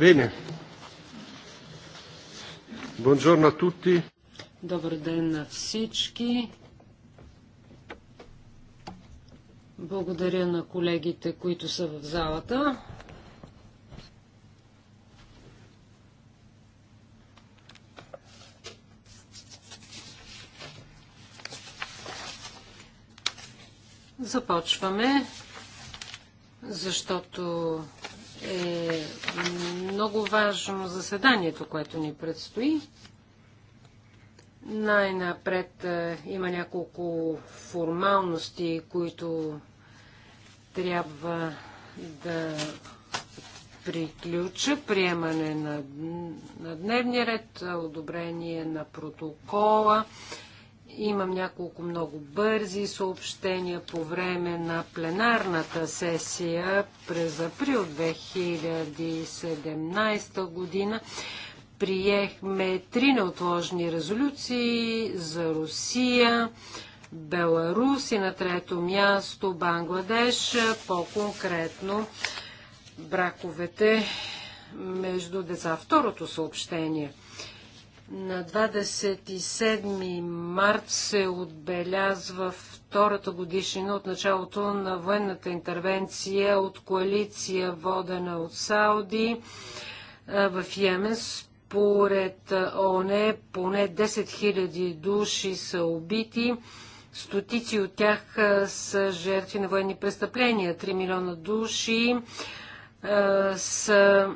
Bene. Buongiorno a tutti. Добър ден на всички. Благодаря на колегите, които са в залата. Започваме, защото е много важно заседанието, което ни предстои. Най-напред е, има няколко формалности, които трябва да приключа. Приемане на, на дневния ред, одобрение на протокола Имам няколко много бързи съобщения по време на пленарната сесия през април 2017 година. Приехме три неотложни резолюции за Русия, Беларус и на трето място Бангладеш, по-конкретно браковете между деца. Второто съобщение – на 27 март се отбелязва втората годишнина от началото на военната интервенция от коалиция водена от Сауди е, в Йемен. Според е, ОНЕ поне 10 000 души са убити. Стотици от тях е, са жертви на военни престъпления. 3 милиона души са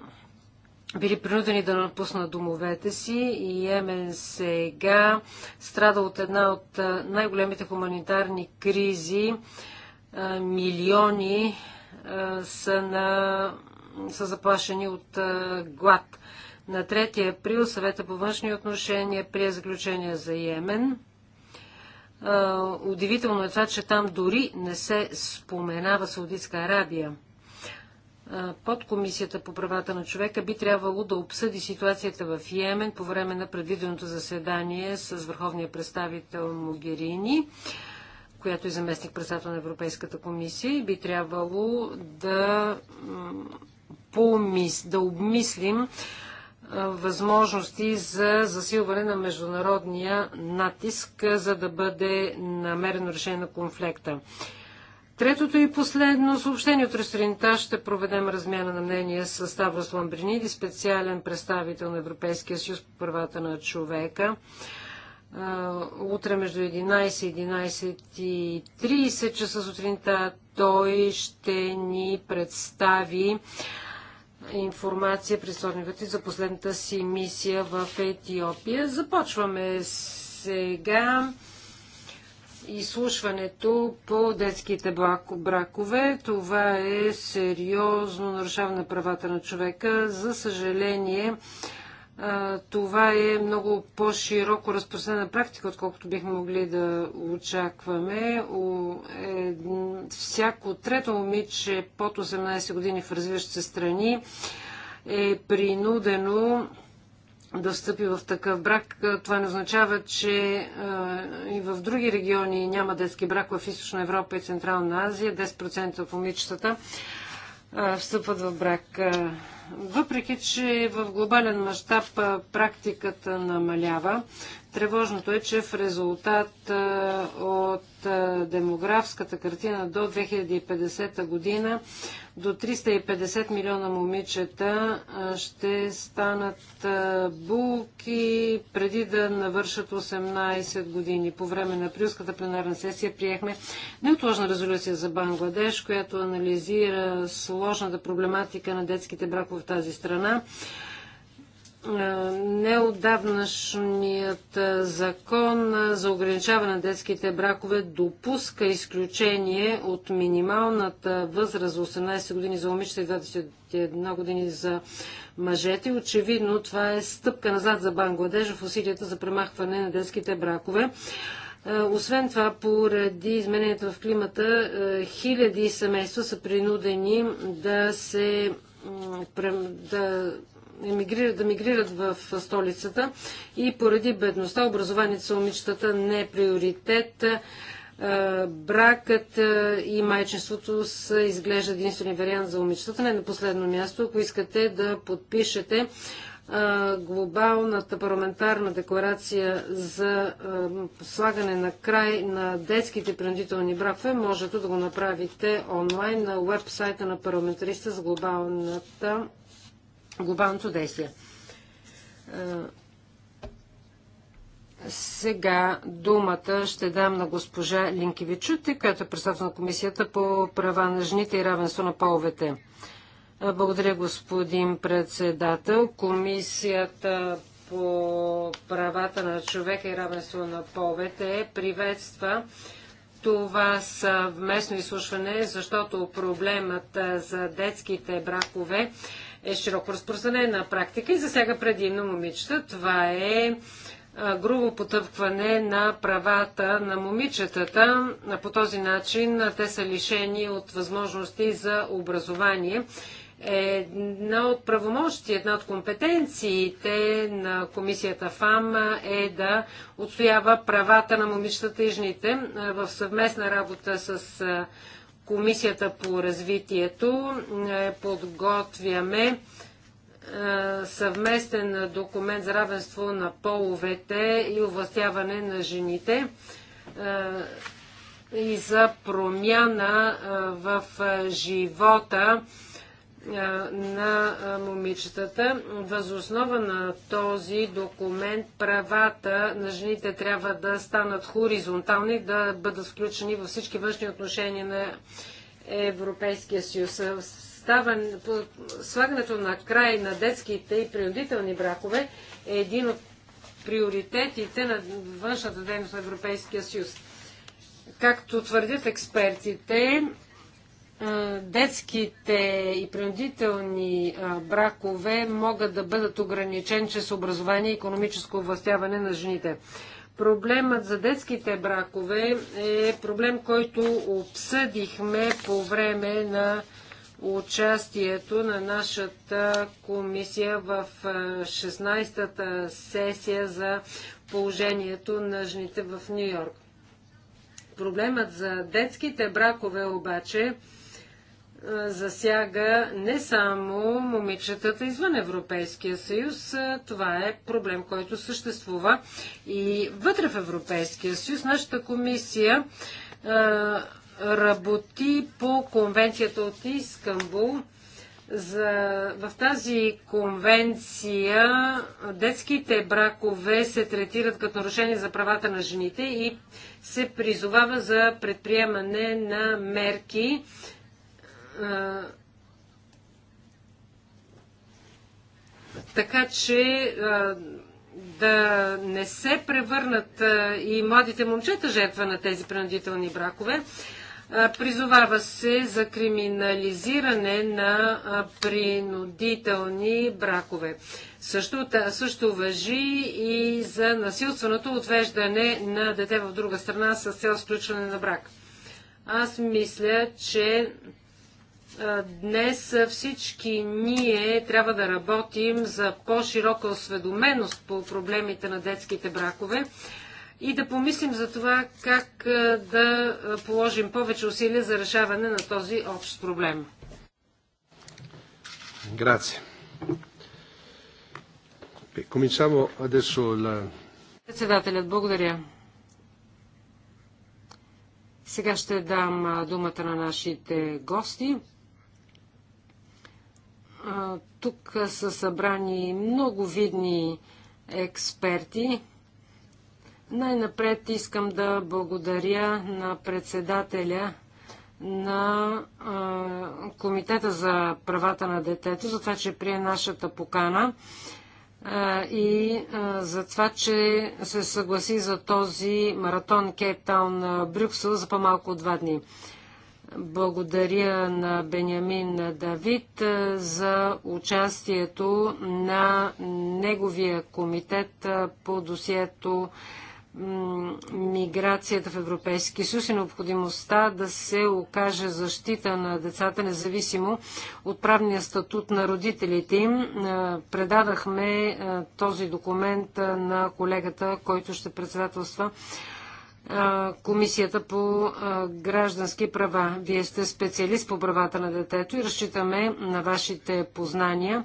били принудени да напуснат домовете си и Йемен сега страда от една от най-големите хуманитарни кризи. Милиони са, на, са заплашени от глад. На 3 април съвета по външни отношения прие заключение за Йемен. Удивително е това, че там дори не се споменава Саудитска Арабия под Комисията по правата на човека би трябвало да обсъди ситуацията в Йемен по време на предвиденото заседание с върховния представител Могерини, която е заместник председател на Европейската комисия и би трябвало да, помис, да обмислим възможности за засилване на международния натиск, за да бъде намерено решение на конфликта. Третото и последно съобщение от ресторинта ще проведем размяна на мнение с Ставрос Ламбриниди, специален представител на Европейския съюз по правата на човека. Утре между 11 и 11.30 часа сутринта той ще ни представи информация при сорнивете за последната си мисия в Етиопия. Започваме сега изслушването по детските бракове. Това е сериозно нарушаване на правата на човека. За съжаление, това е много по-широко разпространена практика, отколкото бихме могли да очакваме. Всяко трето момиче под 18 години в развиващите страни е принудено да встъпи в такъв брак. Е, това не означава, че е, и в други региони няма детски брак в Източна Европа и Централна Азия. 10% от момичетата е, встъпват в брак. Въпреки, че в глобален мащаб практиката намалява, Тревожното е, че в резултат от демографската картина до 2050 година до 350 милиона момичета ще станат булки преди да навършат 18 години. По време на априлската пленарна сесия приехме неотложна резолюция за Бангладеш, която анализира сложната проблематика на детските бракове в тази страна неодавнашният закон за ограничаване на детските бракове допуска изключение от минималната възраст за 18 години за момичета и 21 години за мъжете. Очевидно това е стъпка назад за Бангладеш в усилията за премахване на детските бракове. Освен това, поради изменението в климата, хиляди семейства са принудени да се да емигрират, да мигрират в столицата и поради бедността образованието са момичетата не е приоритет. Бракът и майчеството са изглежда единствени вариант за момичетата. Не на последно място, ако искате да подпишете глобалната парламентарна декларация за слагане на край на детските принудителни бракове, можете да го направите онлайн на веб-сайта на парламентариста с глобалната глобалното действие. Е, сега думата ще дам на госпожа Линкевичути, която е председател на Комисията по права на жените и равенство на половете. Е, благодаря, господин председател. Комисията по правата на човека и равенство на половете приветства това съвместно изслушване, защото проблемът за детските бракове е широко разпространена практика и засяга предимно момичета. Това е грубо потъпкване на правата на момичетата. По този начин те са лишени от възможности за образование. Една от правомощи, една от компетенциите на комисията ФАМ е да отстоява правата на момичетата и жените в съвместна работа с Комисията по развитието е, подготвяме е, съвместен документ за равенство на половете и овластяване на жените е, и за промяна в живота е, на е, момичетата. Възоснова на този документ правата на жените трябва да станат хоризонтални, да бъдат включени във всички външни отношения на Европейския съюз. слагането на край на детските и принудителни бракове е един от приоритетите на външната дейност на Европейския съюз. Както твърдят експертите, детските и принудителни бракове могат да бъдат ограничени чрез образование и економическо властяване на жените. Проблемът за детските бракове е проблем, който обсъдихме по време на участието на нашата комисия в 16-та сесия за положението на жените в Нью-Йорк. Проблемът за детските бракове обаче е засяга не само момичетата извън Европейския съюз. Това е проблем, който съществува и вътре в Европейския съюз. Нашата комисия работи по конвенцията от Искамбул. За, в тази конвенция детските бракове се третират като нарушение за правата на жените и се призовава за предприемане на мерки така че да не се превърнат и младите момчета жертва на тези принудителни бракове. Призовава се за криминализиране на принудителни бракове. Също, също въжи и за насилственото отвеждане на дете в друга страна с цел сключване на брак. Аз мисля, че Днес всички ние трябва да работим за по-широка осведоменост по проблемите на детските бракове и да помислим за това как да положим повече усилия за решаване на този общ проблем. Grazie. Cominciamo adesso la... Председателят, благодаря. Сега ще дам думата на нашите гости. Тук са събрани много видни експерти. Най-напред искам да благодаря на председателя на Комитета за правата на детето за това, че прие нашата покана и за това, че се съгласи за този маратон Кейптаун Брюксел за по-малко от два дни. Благодаря на Бенямин Давид за участието на неговия комитет по досието миграцията в Европейски съюз и необходимостта да се окаже защита на децата, независимо от правния статут на родителите им. Предадахме този документ на колегата, който ще председателства Комисията по граждански права. Вие сте специалист по правата на детето и разчитаме на вашите познания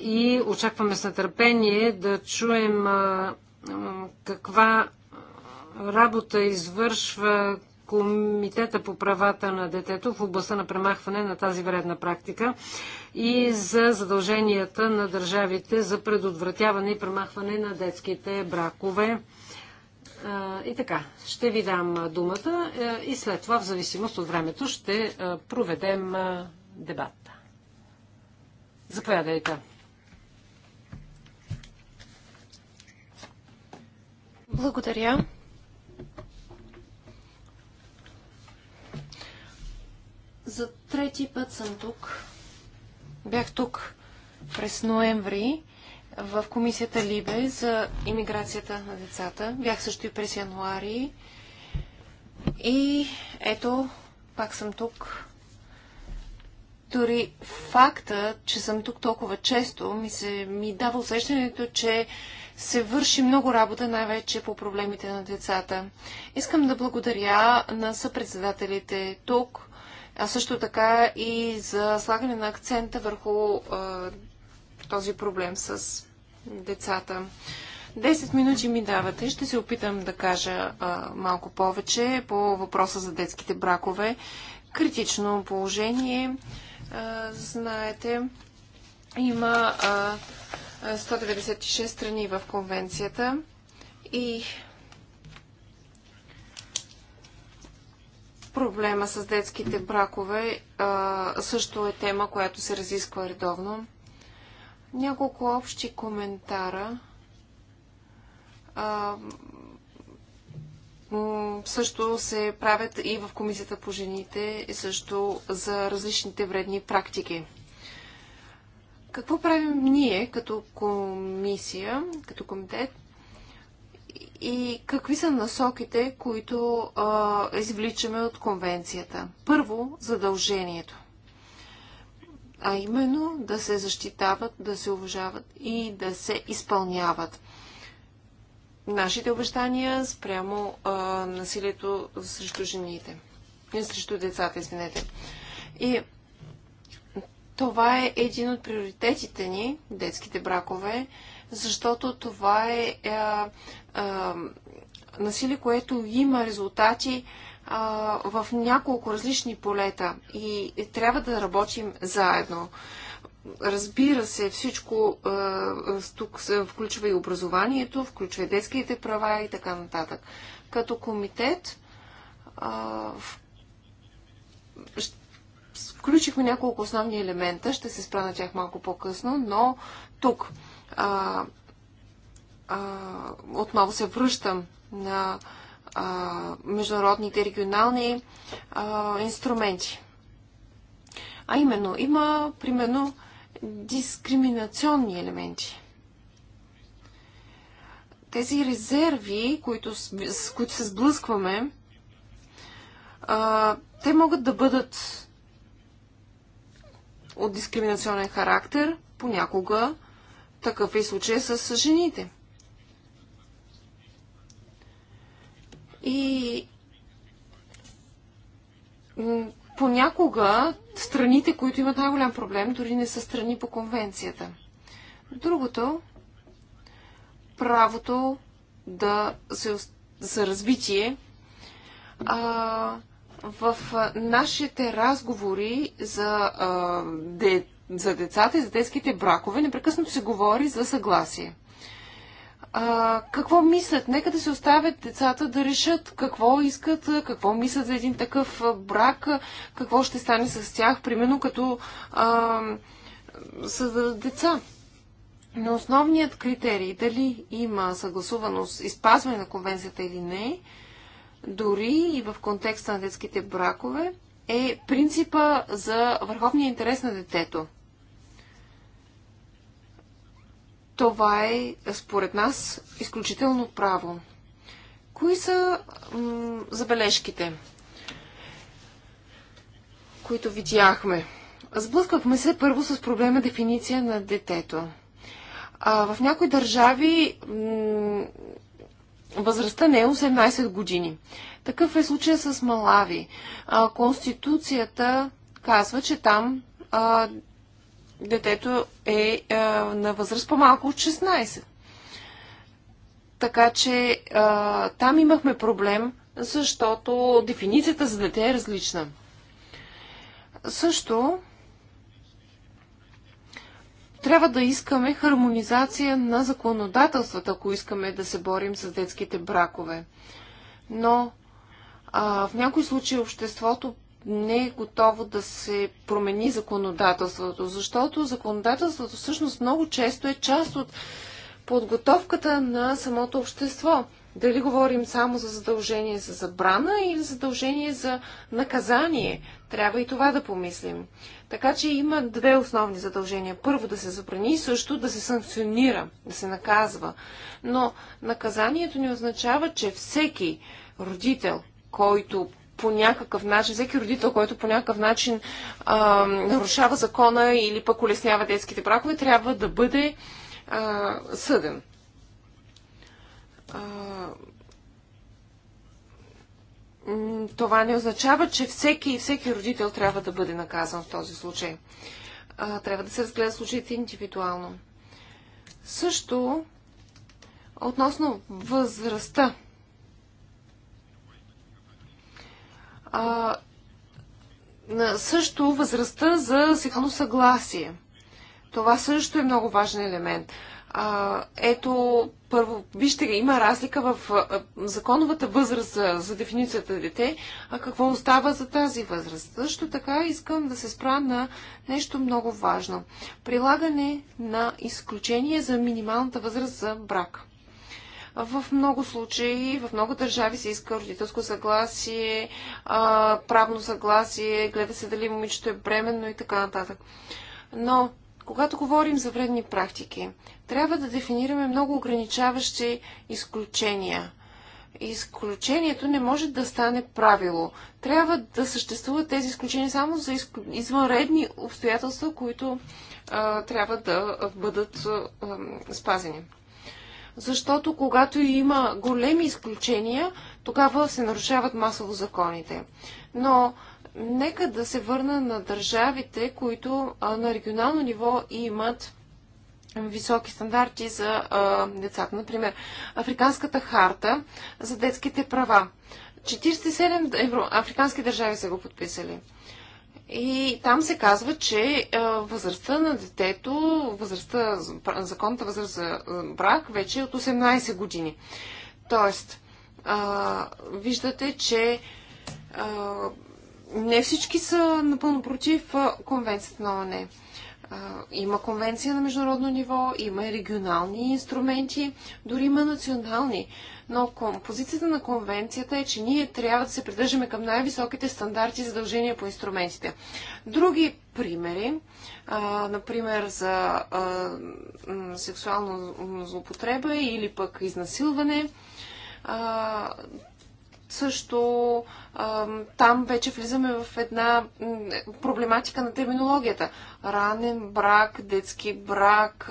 и очакваме с нетърпение да чуем каква работа извършва Комитета по правата на детето в областта на премахване на тази вредна практика и за задълженията на държавите за предотвратяване и премахване на детските бракове. И така, ще ви дам думата и след това, в зависимост от времето, ще проведем дебата. Заповядайте. Благодаря. За трети път съм тук. Бях тук през ноември в комисията Либе за иммиграцията на децата. Бях също и през януари. И ето, пак съм тук. Дори факта, че съм тук толкова често, ми, се, ми дава усещането, че се върши много работа, най-вече по проблемите на децата. Искам да благодаря на съпредседателите тук, а също така и за слагане на акцента върху а, този проблем с децата. 10 минути ми давате. Ще се опитам да кажа а, малко повече по въпроса за детските бракове. Критично положение, а, знаете, има а, 196 страни в конвенцията и проблема с детските бракове а, също е тема, която се разисква редовно. Няколко общи коментара. А, също се правят и в Комисията по жените, също за различните вредни практики. Какво правим ние като комисия, като комитет и какви са насоките, които а, извличаме от конвенцията? Първо, задължението а именно да се защитават, да се уважават и да се изпълняват нашите обещания спрямо а, насилието срещу жените. Не срещу децата, извинете. И това е един от приоритетите ни, детските бракове, защото това е а, а, насилие, което има резултати в няколко различни полета и трябва да работим заедно. Разбира се, всичко тук се включва и образованието, включва и детските права и така нататък. Като комитет включихме няколко основни елемента, ще се спра на тях малко по-късно, но тук а, а, отново се връщам на международните регионални инструменти. А именно, има примерно дискриминационни елементи. Тези резерви, които, с които се сблъскваме, а, те могат да бъдат от дискриминационен характер, понякога такъв е случай с жените. И понякога страните, които имат най-голям проблем, дори не са страни по конвенцията. Другото, правото да се, за развитие. А, в нашите разговори за, а, де, за децата и за детските бракове непрекъснато се говори за съгласие а, какво мислят. Нека да се оставят децата да решат какво искат, какво мислят за един такъв брак, какво ще стане с тях, примерно като а, създадат деца. Но основният критерий, дали има съгласуваност, изпазване на конвенцията или не, дори и в контекста на детските бракове, е принципа за върховния интерес на детето – Това е, според нас, изключително право. Кои са забележките, които видяхме? Сблъскахме се първо с проблема дефиниция на детето. А, в някои държави възрастта не е 18 години. Такъв е случай с Малави. А, конституцията казва, че там а, детето е а, на възраст по-малко от 16. Така че а, там имахме проблем, защото дефиницията за дете е различна. Също трябва да искаме хармонизация на законодателствата, ако искаме да се борим с детските бракове. Но а, в някои случаи обществото не е готово да се промени законодателството, защото законодателството всъщност много често е част от подготовката на самото общество. Дали говорим само за задължение за забрана или задължение за наказание. Трябва и това да помислим. Така че има две основни задължения. Първо да се забрани и също да се санкционира, да се наказва. Но наказанието не означава, че всеки родител, който по някакъв начин, всеки родител, който по някакъв начин а, нарушава закона или пък улеснява детските бракове, трябва да бъде а, съден. А, това не означава, че всеки и всеки родител трябва да бъде наказан в този случай. А, трябва да се разгледа случаите индивидуално. Също относно възрастта А, също възрастта за сексуално съгласие. Това също е много важен елемент. А, ето, първо, вижте, има разлика в а, законовата възраст за, за дефиницията дете, а какво остава за тази възраст. Също така искам да се спра на нещо много важно. Прилагане на изключение за минималната възраст за брак. В много случаи, в много държави се иска родителско съгласие, правно съгласие, гледа се дали момичето е бременно и така нататък. Но, когато говорим за вредни практики, трябва да дефинираме много ограничаващи изключения. Изключението не може да стане правило. Трябва да съществуват тези изключения само за извънредни обстоятелства, които а, трябва да бъдат а, спазени защото когато има големи изключения, тогава се нарушават масово законите. Но нека да се върна на държавите, които на регионално ниво имат високи стандарти за а, децата. Например, Африканската харта за детските права. 47 евро, африкански държави са го подписали. И там се казва, че е, възрастта на детето, възрастта, законната възраст за е, брак вече е от 18 години. Тоест, а, виждате, че а, не всички са напълно против конвенцията на ОНЕ. Има конвенция на международно ниво, има и регионални инструменти, дори има национални но позицията на конвенцията е, че ние трябва да се придържаме към най-високите стандарти и задължения по инструментите. Други примери, а, например за а, сексуална злопотреба или пък изнасилване, а, също там вече влизаме в една проблематика на терминологията. Ранен брак, детски брак,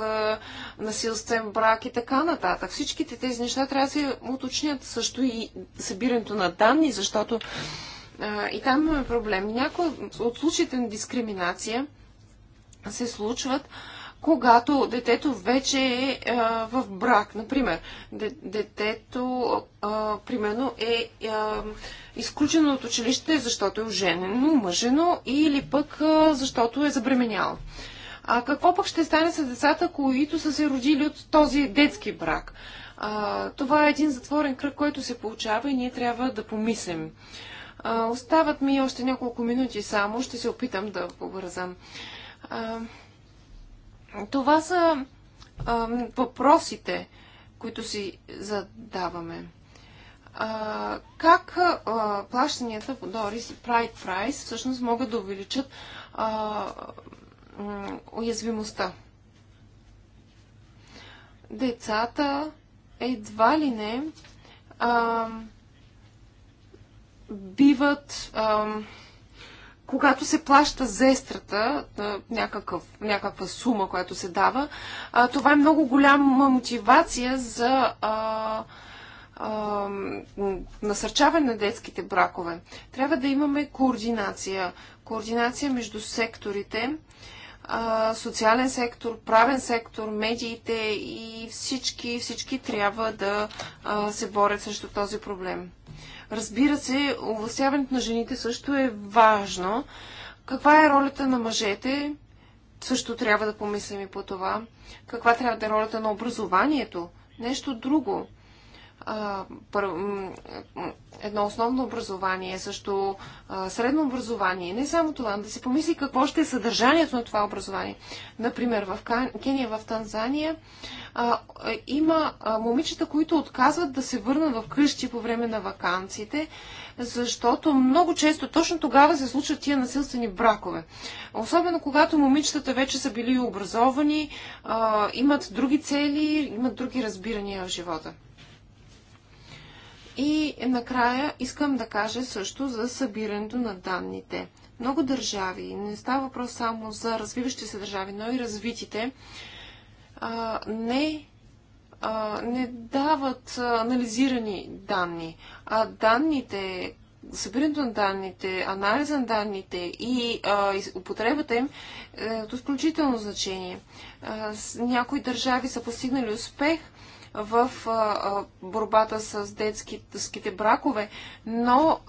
насилствен брак и така нататък. Всичките тези неща трябва да се уточнят също и събирането на данни, защото и там имаме проблем. Някои от случаите на дискриминация се случват когато детето вече е, е в брак. Например, детето е, примерно е, е изключено от училище, защото е оженено, мъжено или пък защото е забременяло. А какво пък ще стане с децата, които са се родили от този детски брак? А, това е един затворен кръг, който се получава и ние трябва да помислим. А, остават ми още няколко минути само, ще се опитам да побързам. А, това са а, въпросите, които си задаваме. А, как а, плащанията по Дорис и Pride Price всъщност могат да увеличат а, уязвимостта? Децата едва ли не а, биват. А, когато се плаща зестрата, някакъв, някаква сума, която се дава, а, това е много голяма мотивация за а, а, насърчаване на детските бракове. Трябва да имаме координация. Координация между секторите, а, социален сектор, правен сектор, медиите и всички, всички трябва да а, се борят срещу този проблем. Разбира се, овластяването на жените също е важно. Каква е ролята на мъжете? Също трябва да помислим и по това. Каква трябва да е ролята на образованието? Нещо друго едно основно образование, също средно образование. Не само това, но да се помисли какво ще е съдържанието на това образование. Например, в Кения, в Танзания е, има момичета, които отказват да се върнат в къщи по време на вакансите, защото много често точно тогава се случват тия насилствени бракове. Особено когато момичетата вече са били образовани, имат други цели, имат други разбирания в живота. И накрая искам да кажа също за събирането на данните. Много държави, не става въпрос само за развиващи се държави, но и развитите, не, не дават анализирани данни. А данните, събирането на данните, анализа на данните и употребата им е от изключително значение. някои държави са постигнали успех в борбата с детските бракове, но,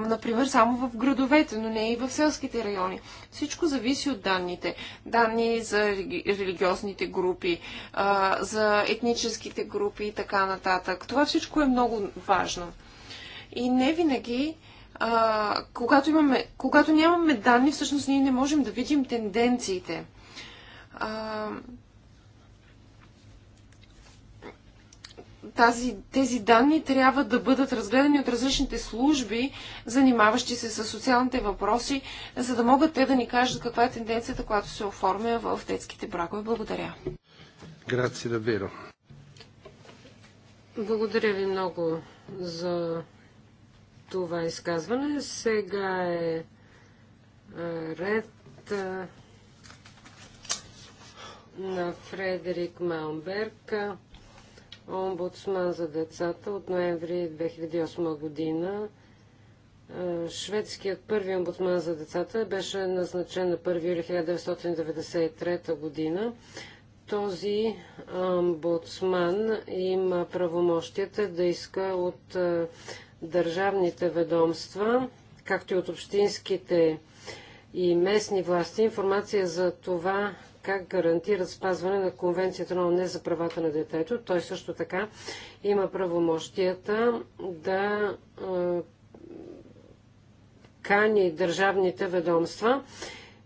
например, само в градовете, но не и в селските райони. Всичко зависи от данните. Данни за религиозните групи, за етническите групи и така нататък. Това всичко е много важно. И не винаги а, когато, имаме, когато нямаме данни, всъщност ние не можем да видим тенденциите. А, тази, тези данни трябва да бъдат разгледани от различните служби, занимаващи се с социалните въпроси, за да могат те да ни кажат каква е тенденцията, която се оформя в детските бракове. Благодаря. Грация, Даверо. Благодаря ви много за това изказване. Сега е, е ред е, на Фредерик Маунберг омбудсман за децата от ноември 2008 година. Шведският първи омбудсман за децата беше назначен на 1 юли 1993 година. Този омбудсман има правомощията да иска от държавните ведомства, както и от общинските и местни власти информация за това как гарантират спазване на Конвенцията на ОНЕ за правата на детето. Той също така има правомощията да кани държавните ведомства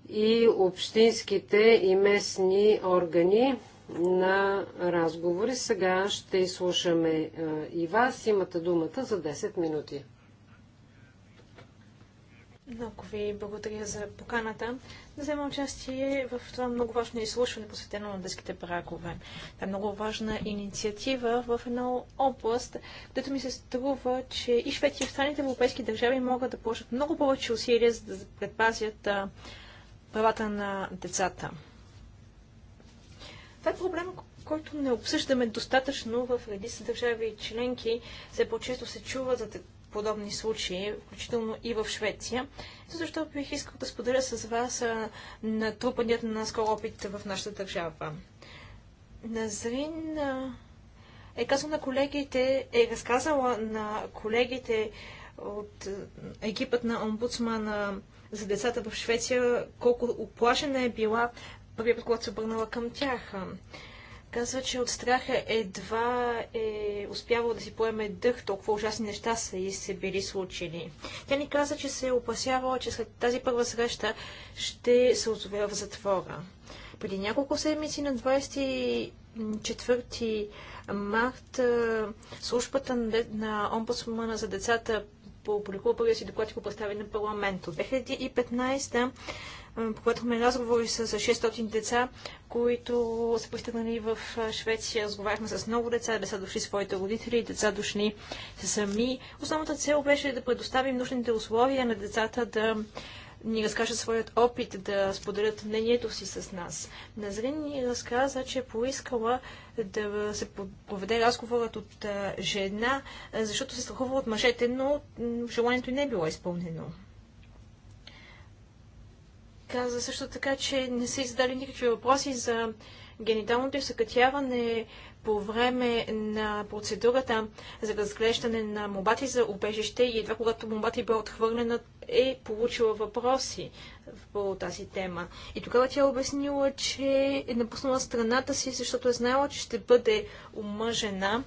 и общинските и местни органи на разговори. Сега ще изслушаме и вас. Имате думата за 10 минути. Много ви благодаря за поканата да взема участие в това много важно изслушване, посветено на детските бракове. Това е много важна инициатива в една област, където ми се струва, че и Швеция, и останалите европейски държави могат да положат много повече усилия, за да предпазят правата на децата. Това е проблем, който не обсъждаме достатъчно в редица държави и членки. Все по-често се чува за подобни случаи, включително и в Швеция. Защо бих искал да споделя с вас натрупаният на скоро опит в нашата държава. Назрин е казал на колегите, е разказала на колегите от екипът на омбудсмана за децата в Швеция, колко оплашена е била първият път, когато се обърнала към тях казва, че от страха едва е успявал да си поеме дъх, толкова ужасни неща са и се били случили. Тя ни каза, че се е опасявала, че след тази първа среща ще се озове в затвора. Преди няколко седмици на 24 март службата на омбудсмана за децата по публикува първия си доклад и го представи на парламент. От 2015 Проведохме разговори с 600 деца, които са пристигнали в Швеция. Разговаряхме с много деца, деца дошли своите родители, деца дошли сами. Основната цел беше да предоставим нужните условия на децата да ни разкажат своят опит, да споделят мнението си с нас. Назрин ни разказа, че е поискала да се проведе разговорът от жена, защото се страхува от мъжете, но желанието не е било изпълнено. Каза също така, че не са издали никакви въпроси за гениталното изсъкътяване по време на процедурата за разглеждане на мобати за убежище и едва когато мобата бе отхвърлена, е получила въпроси по тази тема. И тогава тя е обяснила, че е напуснала страната си, защото е знаела, че ще бъде омъжена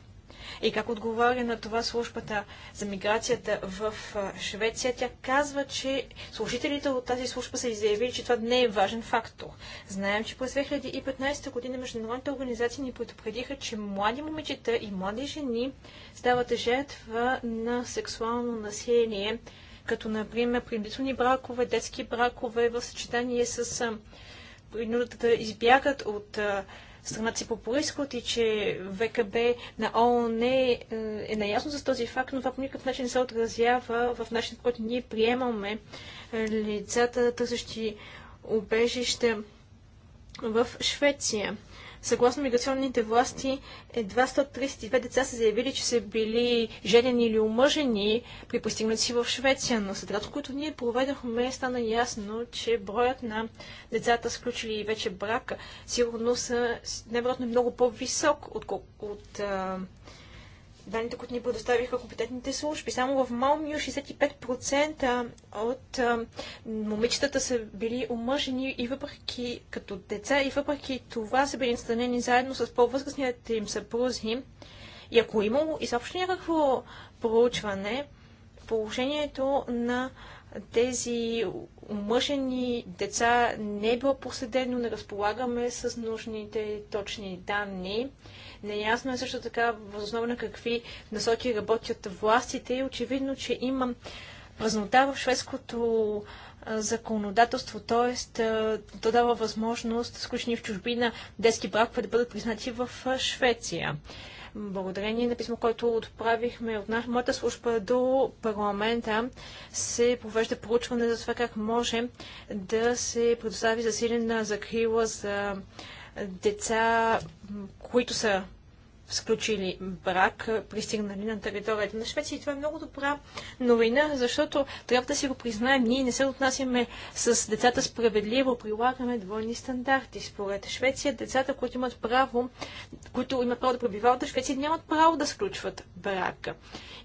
и как отговаря на това службата за миграцията в Швеция, тя казва, че служителите от тази служба са изявили, че това не е важен фактор. Знаем, че през 2015 година международните организации ни предупредиха, че млади момичета и млади жени стават жертва на сексуално насилие, като например принудителни бракове, детски бракове в съчетание с принудата да избягат от страната си по происход и че ВКБ на ООН е, е, е наясно с този факт, но това по никакъв начин не се отразява в начинът, който ние приемаме е, лицата, търсещи убежище в Швеция. Съгласно миграционните власти, едва 132 деца са заявили, че са били женени или омъжени при постигнат си в Швеция, но след като което ние проведохме, стана ясно, че броят на децата, сключили вече брак, сигурно са най-вероятно е много по-висок отколкото от, от данните, които ни предоставиха компетентните служби. Само в Малмио 65% от а, момичетата са били омъжени и въпреки като деца, и въпреки това са били настанени заедно с по-възрастните им съпрузи. И ако е имало изобщо някакво проучване, положението на тези умъжени деца не е било проследено, не разполагаме с нужните точни данни. Неясно е също така възоснова на какви насоки работят властите и очевидно, че има празнота в шведското законодателство, т.е. то дава възможност сключени в чужбина детски бракове да бъдат признати в Швеция. Благодарение на писмо, което отправихме от нас моята служба до парламента, се провежда проучване за това как може да се предостави засилена закрила за деца, които са сключили брак, пристигнали на територията на Швеция. И това е много добра новина, защото трябва да си го признаем. Ние не се отнасяме с децата справедливо, прилагаме двойни стандарти. Според Швеция, децата, които имат право, които имат право да пребивават в Швеция, нямат право да сключват брак.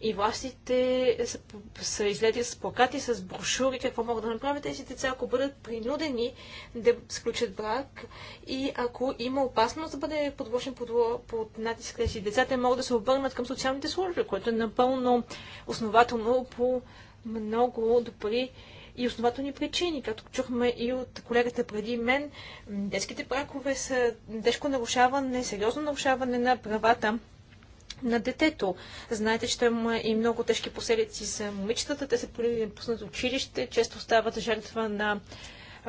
И властите са, са излезли с плакати, с брошури, какво могат да направят тези деца, ако бъдат принудени да сключат брак и ако има опасност да бъде подложен под, под натиск си децата могат да се обърнат към социалните служби, което е напълно основателно по много добри и основателни причини. Както чухме и от колегата преди мен, детските бракове са тежко нарушаване, сериозно нарушаване на правата на детето. Знаете, че има и много тежки последици за момичетата. Те се пуснат училище, често стават жертва на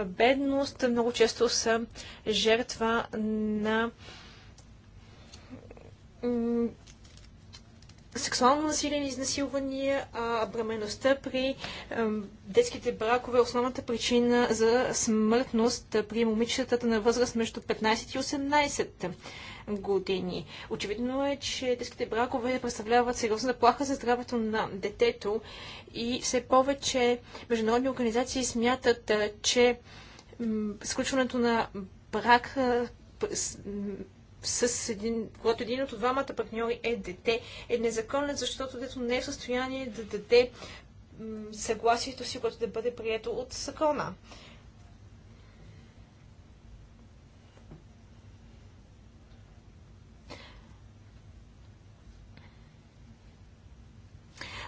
бедност, много често са жертва на сексуално насилие и изнасилвания, а бременността при детските бракове е основната причина за смъртност при момичетата на възраст между 15 и 18 години. Очевидно е, че детските бракове представляват сериозна плаха за здравето на детето и все повече международни организации смятат, че сключването на брак с един, когато един от двамата партньори е дете, е незаконен, защото дето не е в състояние да даде съгласието си, което да бъде прието от закона.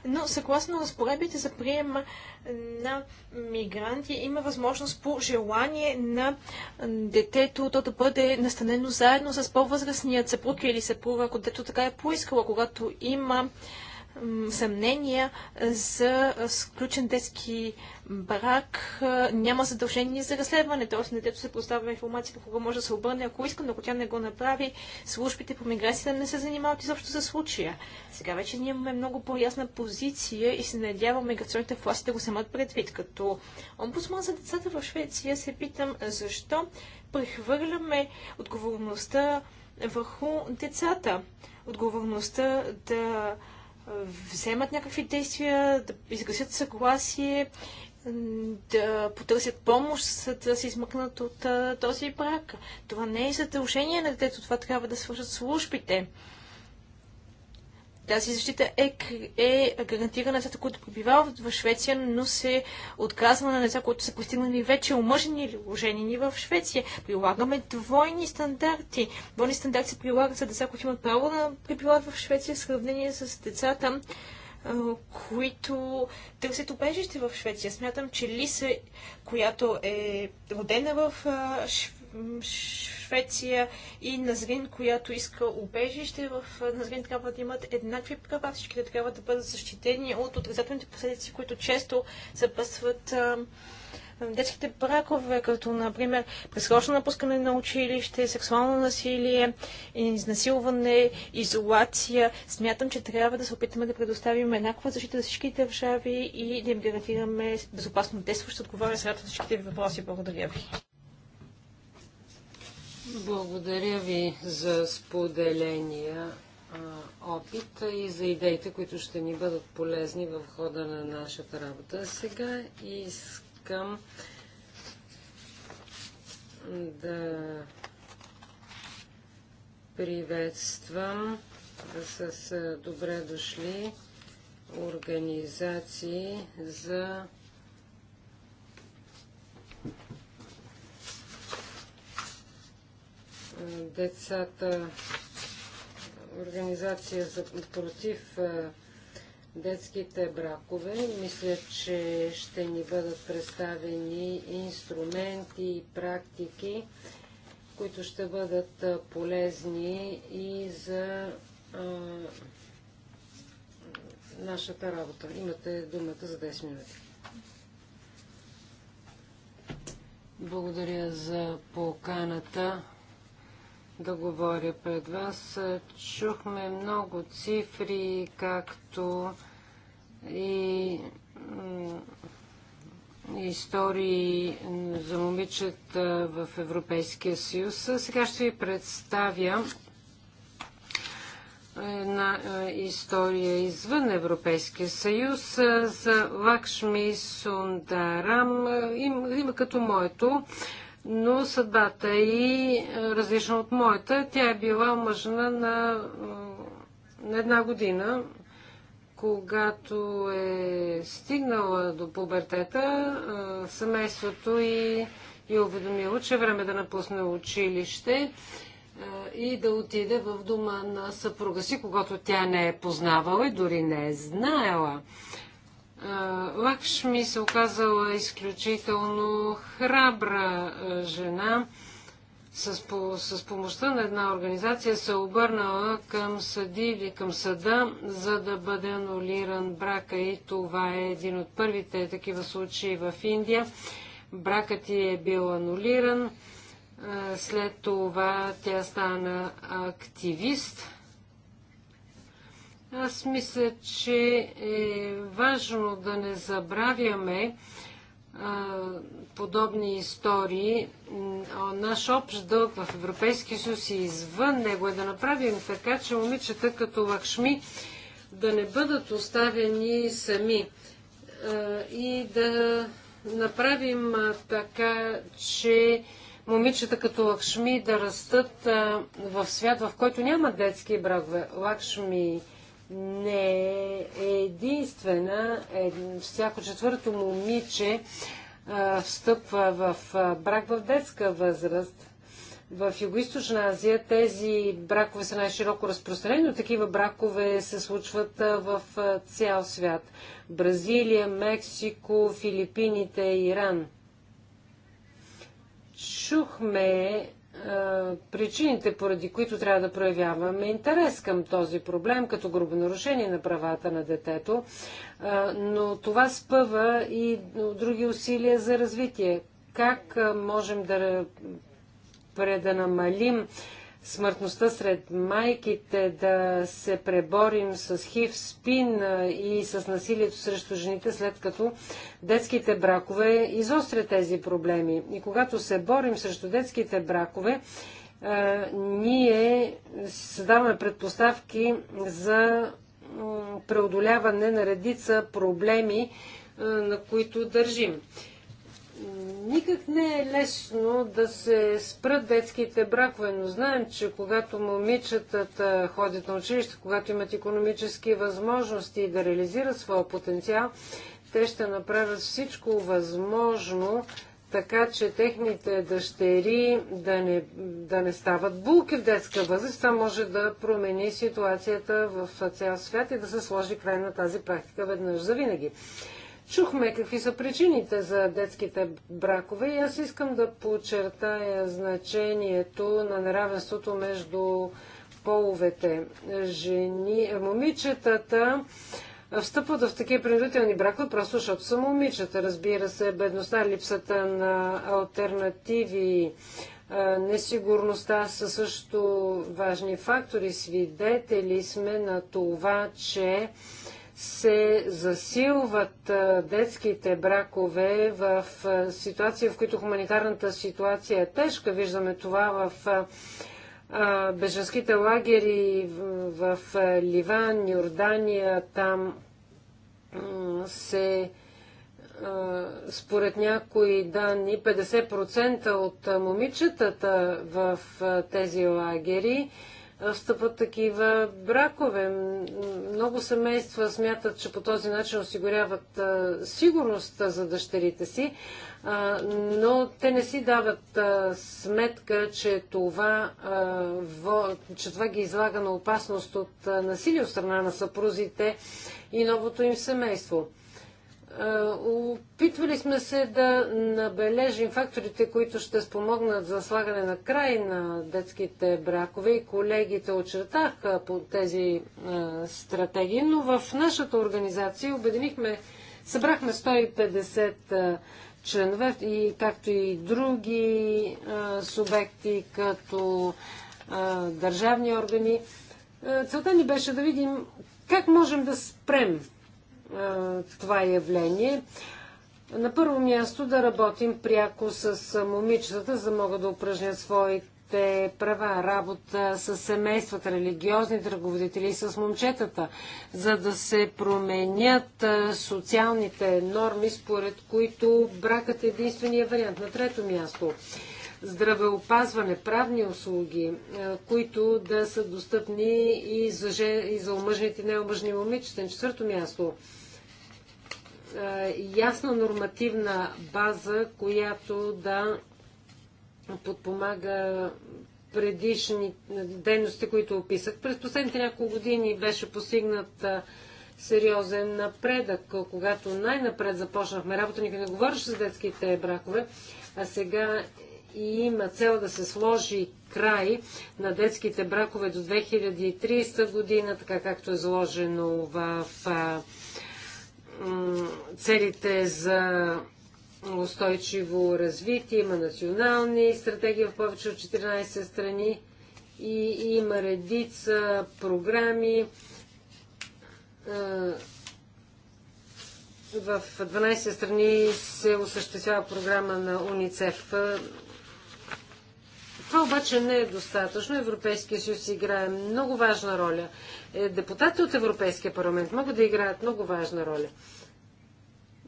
но съгласно разпоредбите за приема на мигранти има възможност по желание на детето то да бъде настанено заедно с по-възрастният съпруг или съпруга, ако детето така е поискала, когато има съмнения за сключен детски брак, е, няма задължение за разследване, Тоест, на детето се поставя информация, кога може да се обърне, ако искам, ако тя не го направи, службите по миграцията не се занимават изобщо за случая. Сега вече ние имаме много по-ясна позиция и се надявам миграционните власти да го вземат предвид. Като омбудсман за децата в Швеция се питам защо прехвърляме отговорността върху децата. Отговорността да вземат някакви действия, да изгасят съгласие, да потърсят помощ, за да се измъкнат от този брак. Това не е задължение на детето, това трябва да свършат службите. Тази защита е, е гарантирана децата, които пребивават в Швеция, но се отказва на деца, които са постигнали вече омъжени или оженени в Швеция. Прилагаме двойни стандарти. Двойни стандарти се прилагат за деца, които имат право да пребиват в Швеция в сравнение с децата, които търсят убежище в Швеция. Смятам, че Лиса, която е родена в Швеция, Швеция и Назрин, която иска убежище. В Назрин трябва да имат еднакви права. Всичките трябва да бъдат защитени от отрицателните последици, които често запъсват детските бракове, като, например, пресрочно напускане на училище, сексуално насилие, изнасилване, изолация. Смятам, че трябва да се опитаме да предоставим еднаква защита за всички държави и да им гарантираме безопасно действащо. Отговоря сега на всичките ви въпроси. Благодаря ви. Благодаря ви за споделения опит и за идеите, които ще ни бъдат полезни в хода на нашата работа. Сега искам да приветствам да с добре дошли организации за децата, организация за, против детските бракове. Мисля, че ще ни бъдат представени инструменти и практики, които ще бъдат полезни и за а, нашата работа. Имате думата за 10 минути. Благодаря за поканата да говоря пред вас. Чухме много цифри, както и истории за момичета в Европейския съюз. Сега ще ви представя една е, история извън Европейския съюз е, за Лакшми Сундарам. Е, има, има като моето но съдбата и е, различна от моята. Тя е била мъжна на, на една година. Когато е стигнала до пубертета, е, семейството и е уведомило, че е време да напусне училище е, и да отиде в дома на съпруга си, когато тя не е познавала и дори не е знаела. Лакшми се оказала изключително храбра жена. С, по, с помощта на една организация се обърнала към съди или към съда, за да бъде анулиран брака. И това е един от първите такива случаи в Индия. Бракът ти е бил анулиран. След това тя стана активист аз мисля, че е важно да не забравяме подобни истории. Наш общ дълг в Европейския съюз и извън него е да направим така, че момичета като Лакшми да не бъдат оставени сами и да направим така, че момичета като Лакшми да растат в свят, в който няма детски брагове. Лакшми не е единствена. всяко четвърто момиче а, встъпва в а, брак в детска възраст. В Юго-Источна Азия тези бракове са най-широко разпространени, но такива бракове се случват в цял свят. Бразилия, Мексико, Филипините, Иран. Чухме причините, поради които трябва да проявяваме интерес към този проблем, като грубо нарушение на правата на детето, но това спъва и други усилия за развитие. Как можем да, да намалим смъртността сред майките, да се преборим с хив, спин и с насилието срещу жените, след като детските бракове изострят тези проблеми. И когато се борим срещу детските бракове, ние създаваме предпоставки за преодоляване на редица проблеми, на които държим. Никак не е лесно да се спрат детските бракове, но знаем, че когато момичетата ходят на училище, когато имат економически възможности да реализират своя потенциал, те ще направят всичко възможно, така че техните дъщери да не, да не стават булки в детска възраст. Това може да промени ситуацията в цял свят и да се сложи край на тази практика веднъж за винаги. Чухме какви са причините за детските бракове и аз искам да подчертая значението на неравенството между половете. Жени, момичетата встъпват в такива принудителни бракове, просто защото са момичета. Разбира се, бедността, липсата на альтернативи, несигурността са също важни фактори. Свидетели сме на това, че се засилват детските бракове в ситуация, в които хуманитарната ситуация е тежка. Виждаме това в беженските лагери в Ливан, Йордания. Там се според някои данни 50% от момичетата в тези лагери встъпват такива бракове. Много семейства смятат, че по този начин осигуряват сигурност за дъщерите си, но те не си дават сметка, че това, че това ги излага на опасност от насилие от страна на съпрузите и новото им семейство. Е, опитвали сме се да набележим факторите, които ще спомогнат за слагане на край на детските бракове и колегите очертаха по тези е, стратегии, но в нашата организация обединихме, събрахме 150 е, членове и както и други субекти, като държавни органи. Целта ни беше да видим как можем да спрем е, това явление. На първо място да работим пряко с е, момичетата, за да могат да упражнят своите права, работа с семействата, религиозните ръководители с момчетата, за да се променят е, социалните норми, според които бракът е единствения вариант. На трето място здравеопазване, правни услуги, които да са достъпни и за, жен... и за омъжните и неомъжни момичета. На четвърто място е, ясна нормативна база, която да подпомага предишни дейности, които описах. През последните няколко години беше постигнат е, сериозен напредък, когато най-напред започнахме работа, никой не говореше за детските бракове, а сега и има цел да се сложи край на детските бракове до 2030 година, така както е заложено в е, целите за устойчиво развитие, има национални стратегии в повече от 14 страни и има редица програми в 12 страни се осъществява програма на УНИЦЕФ това обаче не е достатъчно. Европейския съюз играе много важна роля. Е, депутати от Европейския парламент могат да играят много важна роля.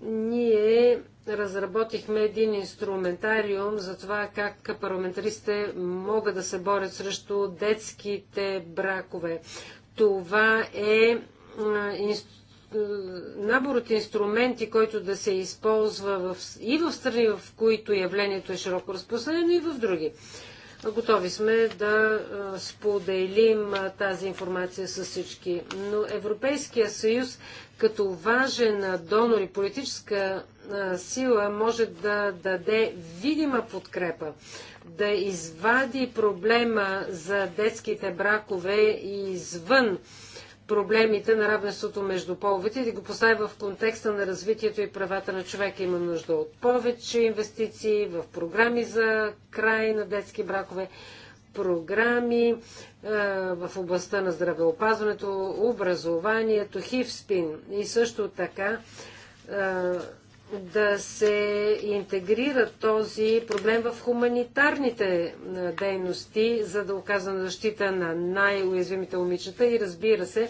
Ние разработихме един инструментариум за това как парламентаристите могат да се борят срещу детските бракове. Това е набор от инструменти, който да се използва в, и в страни, в които явлението е широко разпространено, и в други. Готови сме да споделим тази информация с всички. Но Европейския съюз като важен донор и политическа сила може да даде видима подкрепа, да извади проблема за детските бракове извън проблемите на равенството между половете и да го постави в контекста на развитието и правата на човека. Има нужда от повече инвестиции в програми за край на детски бракове, програми е, в областта на здравеопазването, образованието, хивспин и също така е, да се интегрира този проблем в хуманитарните дейности, за да оказва защита на най-уязвимите момичета и разбира се,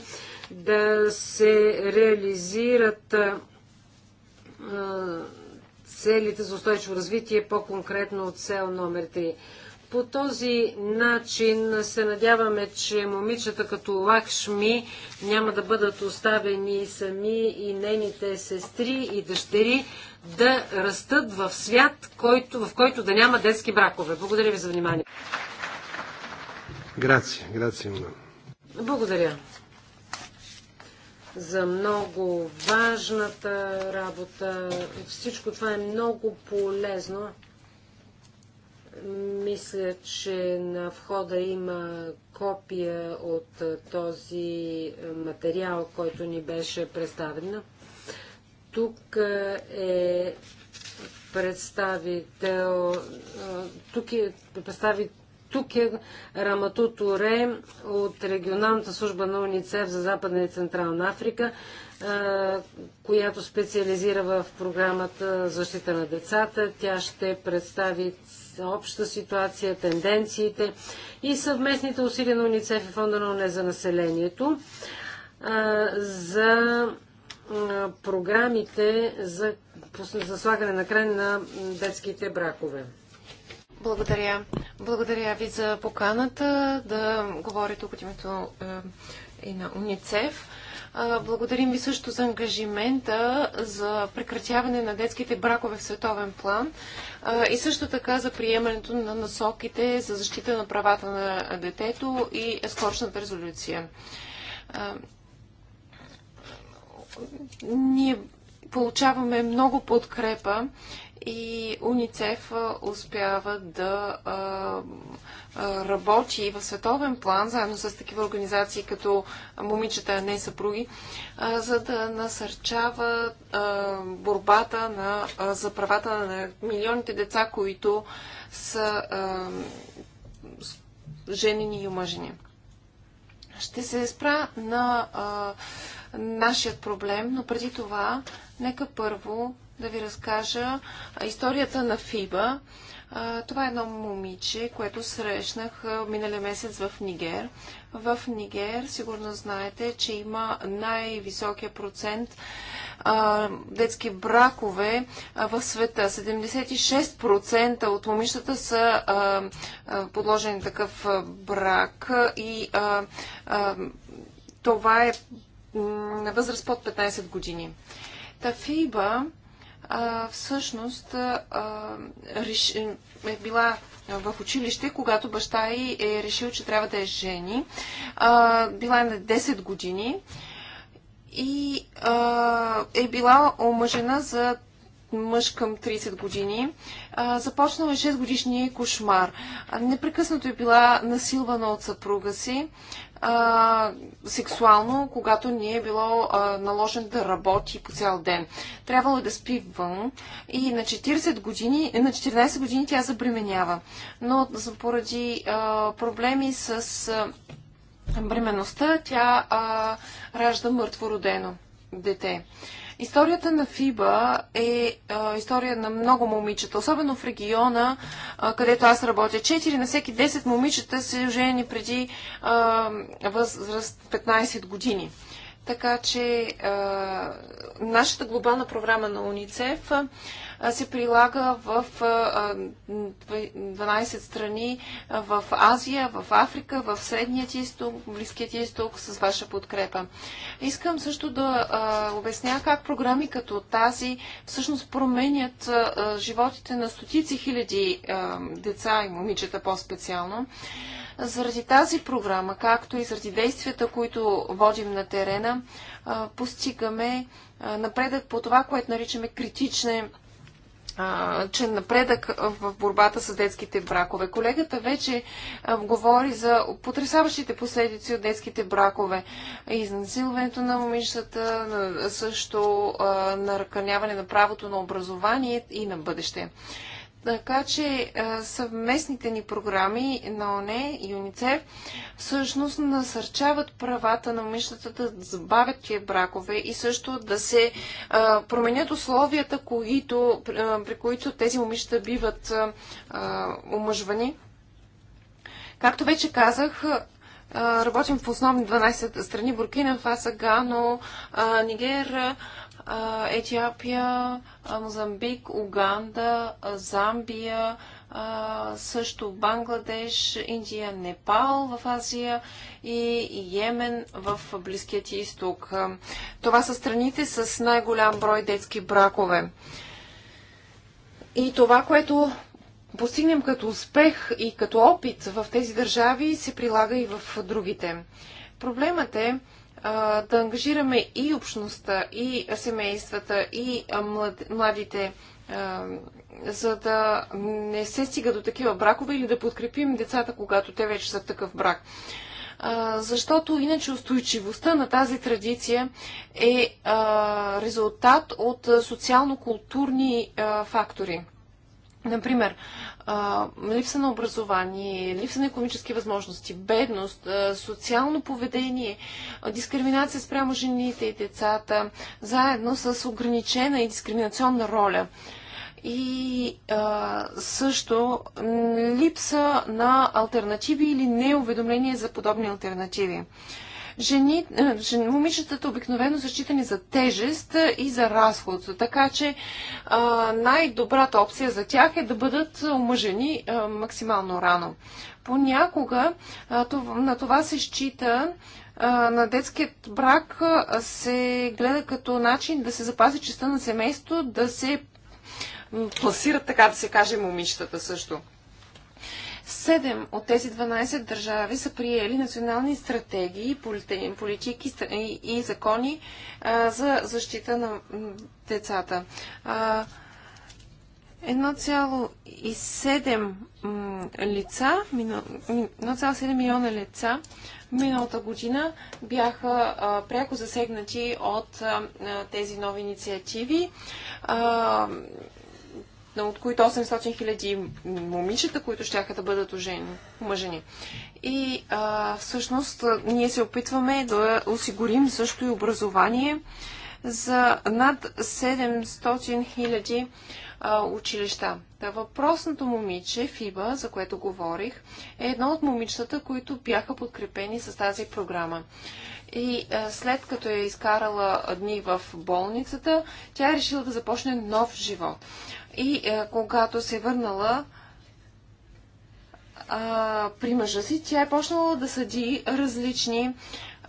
да се реализират целите за устойчиво развитие, по-конкретно от цел номер 3. По този начин се надяваме, че момичета като Лакшми няма да бъдат оставени сами и нейните сестри и дъщери да растат в свят, който, в който да няма детски бракове. Благодаря ви за внимание. Грация, грация много. Благодаря за много важната работа. Всичко това е много полезно. Мисля, че на входа има копия от този материал, който ни беше представен. Е тук е представител. Тук е представител тук е Рамато Туре от регионалната служба на УНИЦЕФ за Западна и Централна Африка, която специализира в програмата защита на децата. Тя ще представи обща ситуация, тенденциите и съвместните усилия на УНИЦЕФ и Фонда на ОНЕ за населението за програмите за, за слагане на край на детските бракове. Благодаря. Благодаря ви за поканата да говорите тук от името е, и на УНИЦЕФ. Благодарим ви също за ангажимента за прекратяване на детските бракове в световен план и също така за приемането на насоките за защита на правата на детето и скорочната резолюция. Ние получаваме много подкрепа и УНИЦЕФ успява да а, а, работи в световен план, заедно с такива организации като момичета, а не съпруги, а, за да насърчава борбата на, за правата на милионите деца, които са женени и омъжени. Ще се спра на нашият проблем, но преди това нека първо да ви разкажа историята на Фиба. Това е едно момиче, което срещнах миналия месец в Нигер. В Нигер, сигурно знаете, че има най-високия процент детски бракове в света. 76% от момичетата са подложени такъв брак и това е на възраст под 15 години. Та ФИБА а, всъщност а, реш... е била в училище, когато баща й е решил, че трябва да е жени. А, била е на 10 години и а, е била омъжена за мъж към 30 години. Започнал е 6 годишния кошмар. Непрекъснато е била насилвана от съпруга си сексуално, когато не е било наложен да работи по цял ден. Трябвало е да спи вън и на 40 години, на 14 години тя забременява. Но поради проблеми с бременността, тя ражда мъртвородено дете. Историята на ФИБА е а, история на много момичета, особено в региона, а, където аз работя. Четири на всеки 10 момичета са жени преди а, възраст 15 години. Така че а, нашата глобална програма на УНИЦЕФ се прилага в 12 страни в Азия, в Африка, в Средният изток, Близкият изток с ваша подкрепа. Искам също да обясня как програми като тази всъщност променят животите на стотици хиляди деца и момичета по-специално. Заради тази програма, както и заради действията, които водим на терена, постигаме напредък по това, което наричаме критични а, че напредък в борбата с детските бракове. Колегата вече а, говори за потрясаващите последици от детските бракове. Изнасилването на момичетата, също а, наръканяване на правото на образование и на бъдеще. Така че съвместните ни програми на ОНЕ и ЮНИЦЕФ всъщност насърчават правата на момичетата да забавят тия бракове и също да се променят условията, които, при които тези момичета биват омъжвани. Както вече казах, работим в основни 12 страни Буркина, Фаса, Гано, Нигер, Етиопия, Мозамбик, Уганда, Замбия, също Бангладеш, Индия, Непал в Азия и Йемен в Близкият изток. Това са страните с най-голям брой детски бракове. И това, което постигнем като успех и като опит в тези държави, се прилага и в другите. Проблемът е, да ангажираме и общността, и семействата, и младите, за да не се стига до такива бракове или да подкрепим децата, когато те вече са в такъв брак. защото иначе устойчивостта на тази традиция е резултат от социално-културни фактори. Например, а, липса на образование, липса на економически възможности, бедност, а, социално поведение, а, дискриминация спрямо жените и децата, заедно с ограничена и дискриминационна роля. И а, също липса на альтернативи или неуведомление за подобни альтернативи. Жени, е, жен, момичетата обикновено са считани за тежест и за разход, така че най-добрата опция за тях е да бъдат омъжени е, максимално рано. Понякога на това се счита на детският брак се гледа като начин да се запази честа на семейството, да се пласират, така да се каже, момичетата също. Седем от тези 12 държави са приели национални стратегии, политики и закони за защита на децата. 1,7 лица, 1,7 милиона лица миналата година бяха пряко засегнати от тези нови инициативи от които 800 хиляди момичета, които ще да бъдат ожени, мъжени. И а, всъщност ние се опитваме да осигурим също и образование за над 700 хиляди училища. Та въпросното момиче, Фиба, за което говорих, е едно от момичетата, които бяха подкрепени с тази програма. И а, след като е изкарала дни в болницата, тя е решила да започне нов живот. И е, когато се е върнала а, при мъжа си, тя е почнала да съди различни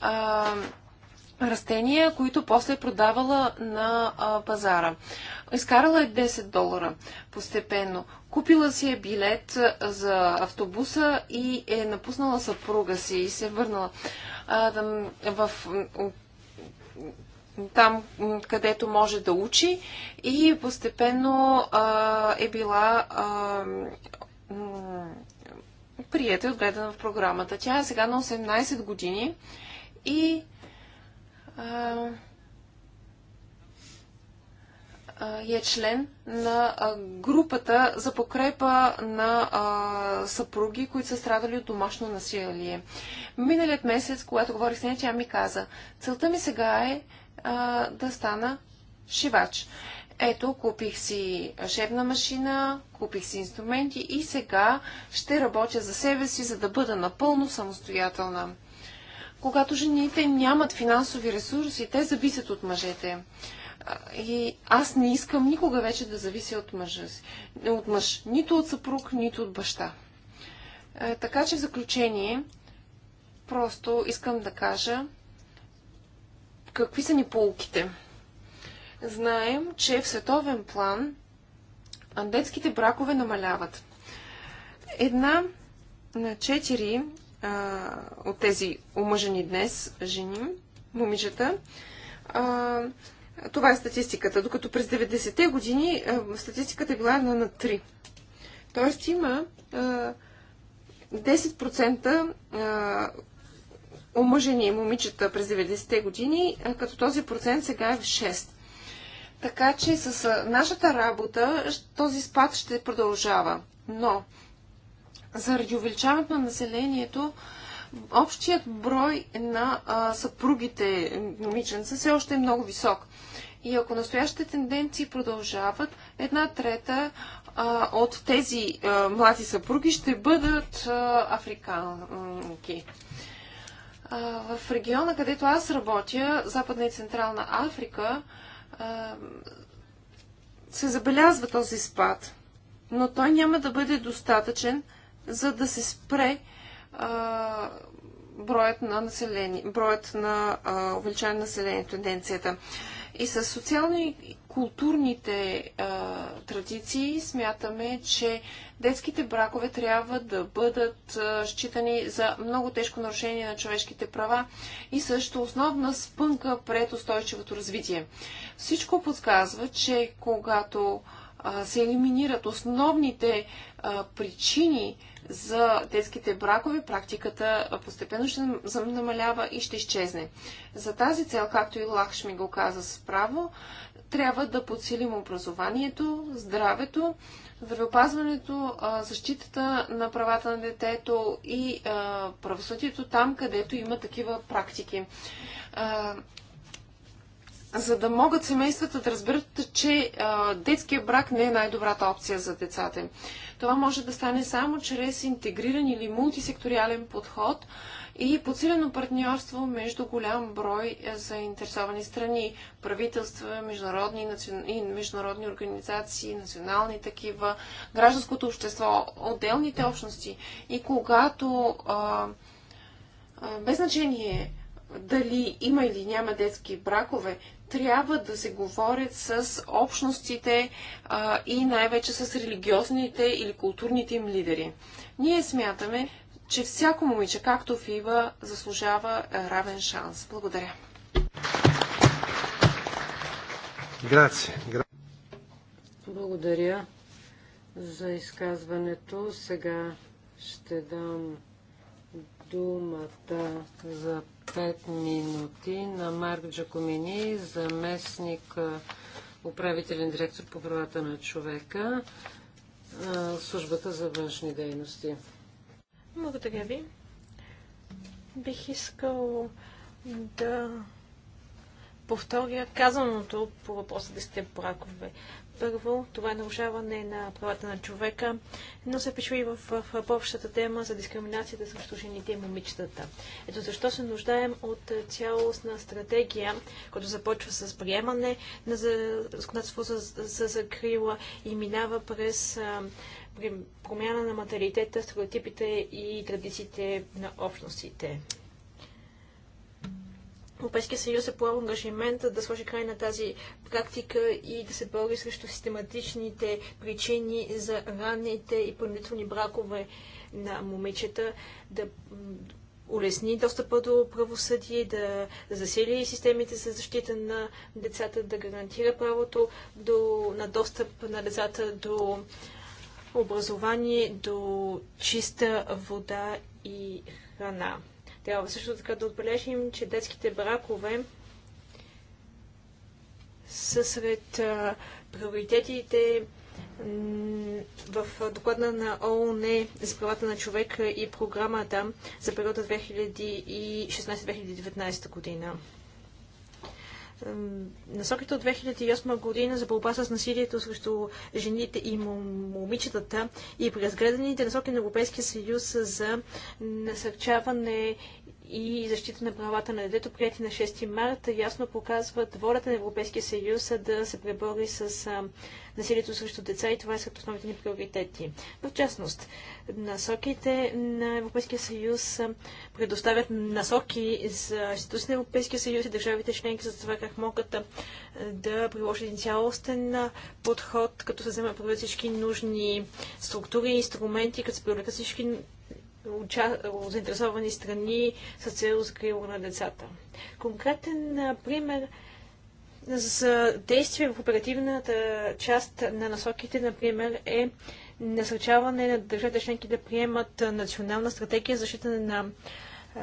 а, растения, които после е продавала на а, пазара. Изкарала е 10 долара постепенно. Купила си е билет за автобуса и е напуснала съпруга си и се е върнала. А, в там, където може да учи и постепенно а, е била а, прията и отгледана в програмата. Тя е сега на 18 години и а, е член на групата за покрепа на а, съпруги, които са страдали от домашно насилие. Миналият месец, когато говорих с нея, тя ми каза, целта ми сега е а, да стана шивач. Ето, купих си шебна машина, купих си инструменти и сега ще работя за себе си, за да бъда напълно самостоятелна. Когато жените нямат финансови ресурси, те зависят от мъжете. И аз не искам никога вече да завися от мъжа си. От мъж. Нито от съпруг, нито от баща. Е, така че в заключение, просто искам да кажа, какви са ни полуките? Знаем, че в световен план детските бракове намаляват. Една на четири а, от тези омъжени днес жени, момичета, а, това е статистиката, докато през 90-те години а, статистиката е била една на 3. Тоест има а, 10% а, омъжени момичета през 90-те години, като този процент сега е в 6. Така че с нашата работа този спад ще продължава. Но заради увеличаването на населението, общият брой на съпругите момиченца все още е много висок. И ако настоящите тенденции продължават, една трета а, от тези а, млади съпруги ще бъдат африканки. африканки в региона, където аз работя, Западна и Централна Африка, се забелязва този спад, но той няма да бъде достатъчен, за да се спре броят на население, броят на увеличане увеличаване на населението, тенденцията. И с социални културните а, традиции, смятаме, че детските бракове трябва да бъдат а, считани за много тежко нарушение на човешките права и също основна спънка пред устойчивото развитие. Всичко подсказва, че когато а, се елиминират основните а, причини за детските бракове, практиката постепенно ще намалява и ще изчезне. За тази цел, както и Лахшми го каза справо, трябва да подсилим образованието, здравето, здравеопазването, защитата на правата на детето и правосъдието там, където има такива практики. За да могат семействата да разберат, че детският брак не е най-добрата опция за децата им. Това може да стане само чрез интегриран или мултисекториален подход и подсилено партньорство между голям брой е, заинтересовани страни, правителства, международни и, международни организации, национални такива, гражданското общество, отделните общности. И когато а, а, без значение дали има или няма детски бракове, трябва да се говорят с общностите а, и най-вече с религиозните или културните им лидери. Ние смятаме, че всяко момиче, както в Ива, заслужава равен шанс. Благодаря. Грация. Благодаря за изказването. Сега ще дам думата за 5 минути на Марк Джакомини, заместник управителен директор по правата на човека, службата за външни дейности. Благодаря ви. Бих искал да повторя казаното по въпроса сте бракове. Първо, това е нарушаване на правата на човека, но се пише и в, в, в общата тема за дискриминацията срещу жените и момичетата. Ето защо се нуждаем от цялостна стратегия, която започва с приемане на законодателство за, за закрила и минава през а, промяна на материалитета, стереотипите и традициите на общностите. Европейския съюз е поел ангажимент да сложи край на тази практика и да се бори срещу систематичните причини за ранните и принудителни бракове на момичета, да улесни достъпа до правосъдие, да засили системите за защита на децата, да гарантира правото до, на достъп на децата до образование, до чиста вода и храна. Трябва също така да отбележим, че детските бракове са сред приоритетите в доклада на ООН за правата на човека и програмата за периода 2016-2019 година насоките от 2008 година за борба с насилието срещу жените и момичетата и преразгледаните насоки на Европейския съюз за насърчаване и защита на правата на детето, прияти на 6 марта, ясно показват волята на Европейския съюз да се пребори с насилието срещу деца и това е сред основните ни приоритети. В частност, насоките на Европейския съюз предоставят насоки за институции на Европейския съюз и държавите членки за това как могат да приложат един цялостен подход, като се вземат всички нужни структури и инструменти, като се привлекат всички заинтересовани страни с цел закрила на децата. Конкретен пример за действие в оперативната част на насоките, например, е насърчаване на държавите членки да приемат национална стратегия за защита на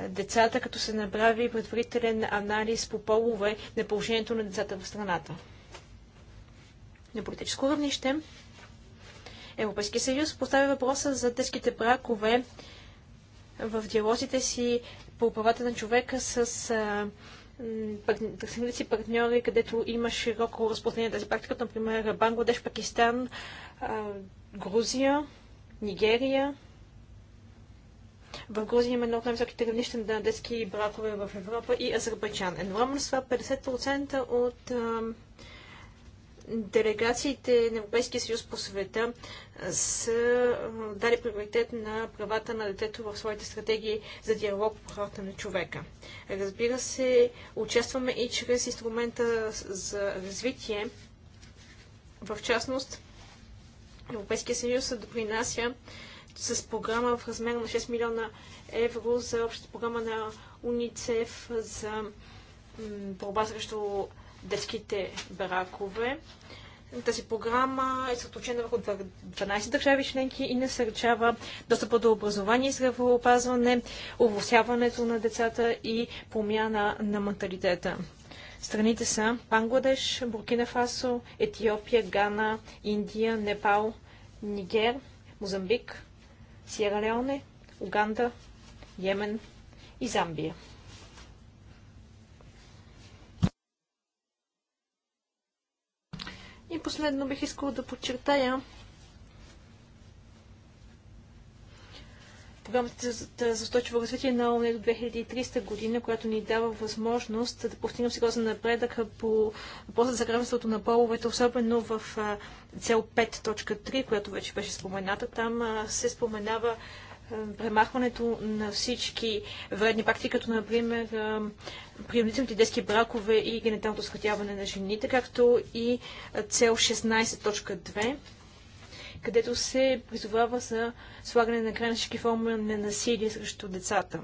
децата, като се направи предварителен анализ по полове на положението на децата в страната. На политическо равнище Европейския съюз поставя въпроса за детските бракове в диалозите си по правата на човека с а, си партньори, където има широко разпространение тази практика, например Бангладеш, Пакистан, Грузия, Нигерия. В Грузия има едно от най-високите равнища на детски бракове в Европа и Азербайджан. Едновременно с това 50% от а, делегациите на Европейския съюз по света са дали приоритет на правата на детето в своите стратегии за диалог по правата на човека. Разбира се, участваме и чрез инструмента за развитие. В частност, Европейския съюз се допринася с програма в размер на 6 милиона евро за общата програма на УНИЦЕФ за борба срещу детските бракове. Тази програма е съточена върху 12 държави членки и насърчава достъпа до образование и здравеопазване, овосяването на децата и промяна на менталитета. Страните са Бангладеш, Буркина Фасо, Етиопия, Гана, Индия, Непал, Нигер, Мозамбик, Сиера Леоне, Уганда, Йемен и Замбия. последно бих искала да подчертая програмата за устойчиво развитие на ООН до 2300 година, която ни дава възможност да постигнем сериозен напредък по въпроса за гражданството на половете, особено в цел 5.3, която вече беше спомената. Там се споменава премахването на всички вредни практики, като например приемлителните детски бракове и генеталното скътяване на жените, както и цел 16.2 където се призовава за слагане на край на всички форми на насилие срещу децата.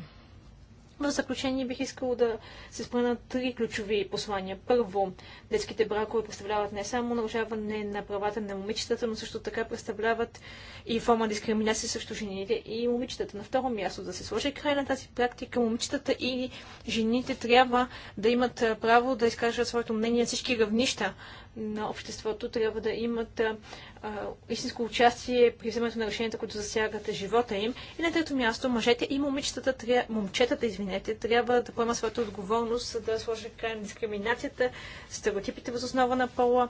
В заключение бих искала да се спомена три ключови послания. Първо, детските бракове представляват не само нарушаване на правата на момичетата, но също така представляват и форма дискриминация срещу жените и момичетата. На второ място, да се сложи край на тази практика, момичетата и жените трябва да имат право да изкажат своето мнение на всички равнища на обществото трябва да имат а, истинско участие при вземането на решенията, които засягат живота им. И на трето място, мъжете и момичетата, момчетата, извинете, трябва да поемат своята отговорност, да сложат край на дискриминацията, стереотипите въз основа на пола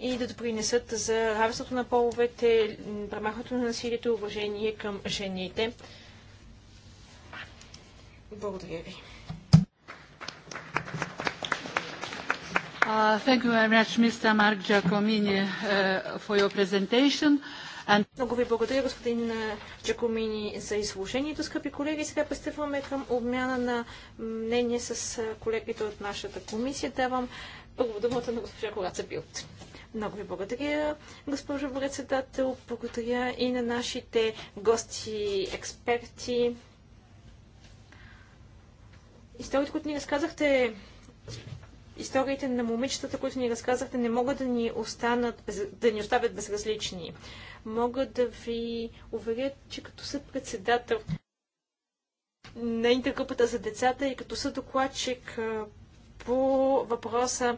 и да допринесат за равенството на половете, премахването на насилието и уважение към жените. Благодаря ви. Uh, thank you very much, Mr. Mark Giacomini, uh, for your presentation. Много ви благодаря, господин Джакомини, е, за изложението. Скъпи колеги, сега пристъпваме към обмяна на мнение с е, колегите от нашата комисия. Давам първо думата на госпожа Кораца Билт. Много ви благодаря, госпожа председател. Благодаря и на нашите гости, експерти. Историята, които ни разказахте, историите на момичетата, които ни разказахте, не могат да ни, останат, да ни оставят безразлични. Мога да ви уверя, че като съд председател на интергрупата за децата и като съд докладчик по въпроса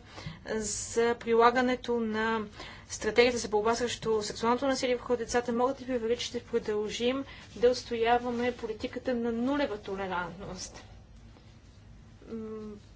за прилагането на стратегията за борба срещу сексуалното насилие върху децата, могат да ви уверя, че ще продължим да отстояваме политиката на нулева толерантност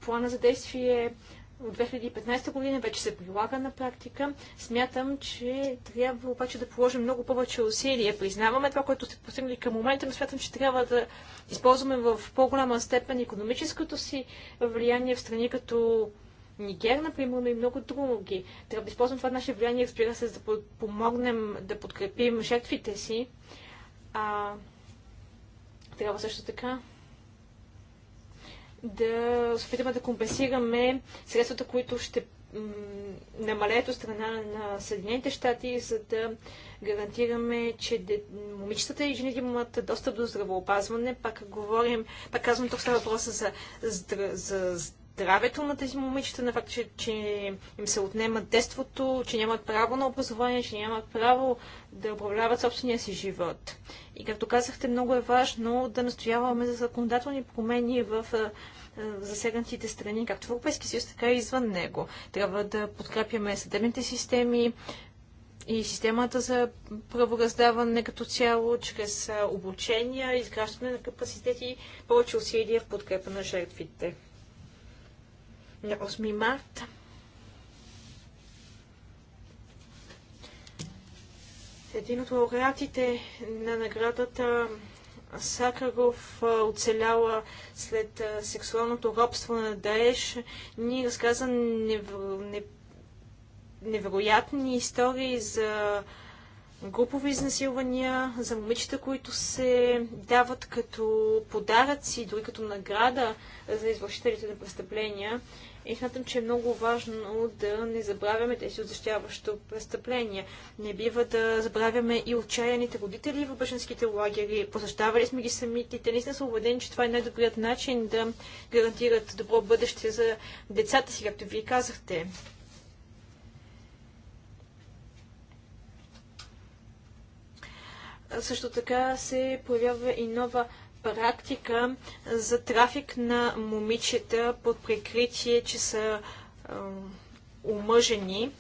плана за действие от 2015 година вече се прилага на практика. Смятам, че трябва обаче да положим много повече усилия. Признаваме това, което сте постигнали към момента, но смятам, че трябва да използваме в по-голяма степен економическото си влияние в страни като Нигер, например, но и много други. Трябва да използваме това наше влияние, разбира се, за да помогнем да подкрепим жертвите си. А, трябва също така да се опитаме да компенсираме средствата, които ще намалеят от страна на Съединените щати, за да гарантираме, че момичетата и жените имат достъп до здравеопазване. Пак говорим, пак казвам, тук става въпроса за, за, за здравето на тези момичета, на факт, че, че им се отнема детството, че нямат право на образование, че нямат право да управляват собствения си живот. И както казахте, много е важно да настояваме за законодателни промени в засегнатите страни, както в Европейски съюз, така и извън него. Трябва да подкрепяме съдебните системи и системата за правораздаване като цяло, чрез обучения, изграждане на капацитети, повече усилия в подкрепа на жертвите на 8 март. Един от лауреатите на наградата Сакаров оцеляла след сексуалното робство на Даеш, ни разказа неверо... невероятни истории за групови изнасилвания, за момичета, които се дават като подаръци, дори като награда за извършителите на престъпления. И смятам, че е много важно да не забравяме тези отзащяващо престъпления. Не бива да забравяме и отчаяните родители в бъженските лагери. Посещавали сме ги самите. Те наистина са убедени, че това е най-добрият начин да гарантират добро бъдеще за децата си, както вие казахте. Също така се появява и нова практика за трафик на момичета под прикритие, че са омъжени.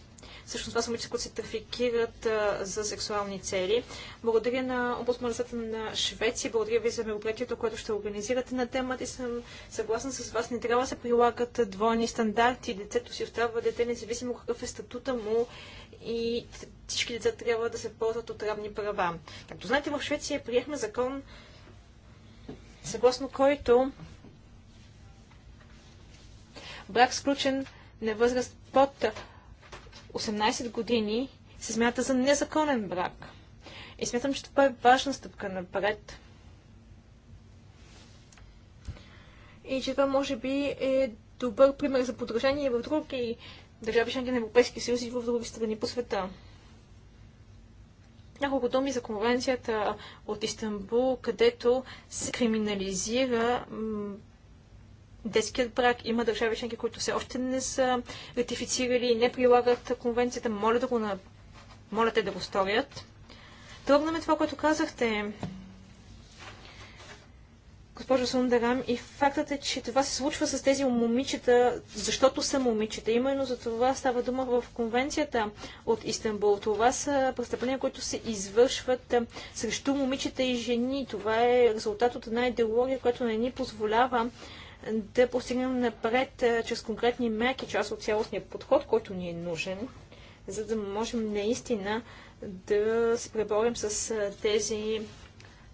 Всъщност това са момичета, които се трафикират а, за сексуални цели. Благодаря на омбудсманствата на Швеция, благодаря ви за мероприятието, което ще организирате на темата и съм съгласна с вас. Не трябва да се прилагат двойни стандарти. децето си остава дете, независимо какъв е статута му и всички деца трябва да се ползват от равни права. Както знаете, в Швеция приехме закон съгласно който брак сключен на възраст под 18 години се смята за незаконен брак. И смятам, че това е важна стъпка напред. И че това може би е добър пример за подражание в други държави, членки на Европейския съюз и в други страни по света. Няколко думи за конвенцията от Истанбул, където се криминализира детският брак. Има държави членки, които все още не са ратифицирали и не прилагат конвенцията. Моля да го на... Моля те да го сторят. Трогна това, което казахте госпожо Сундарам. И фактът е, че това се случва с тези момичета, защото са момичета. Именно за това става дума в конвенцията от Истанбул. Това са престъпления, които се извършват срещу момичета и жени. Това е резултат от една идеология, която не ни позволява да постигнем напред чрез конкретни мерки, част от цялостния подход, който ни е нужен, за да можем наистина да се преборим с тези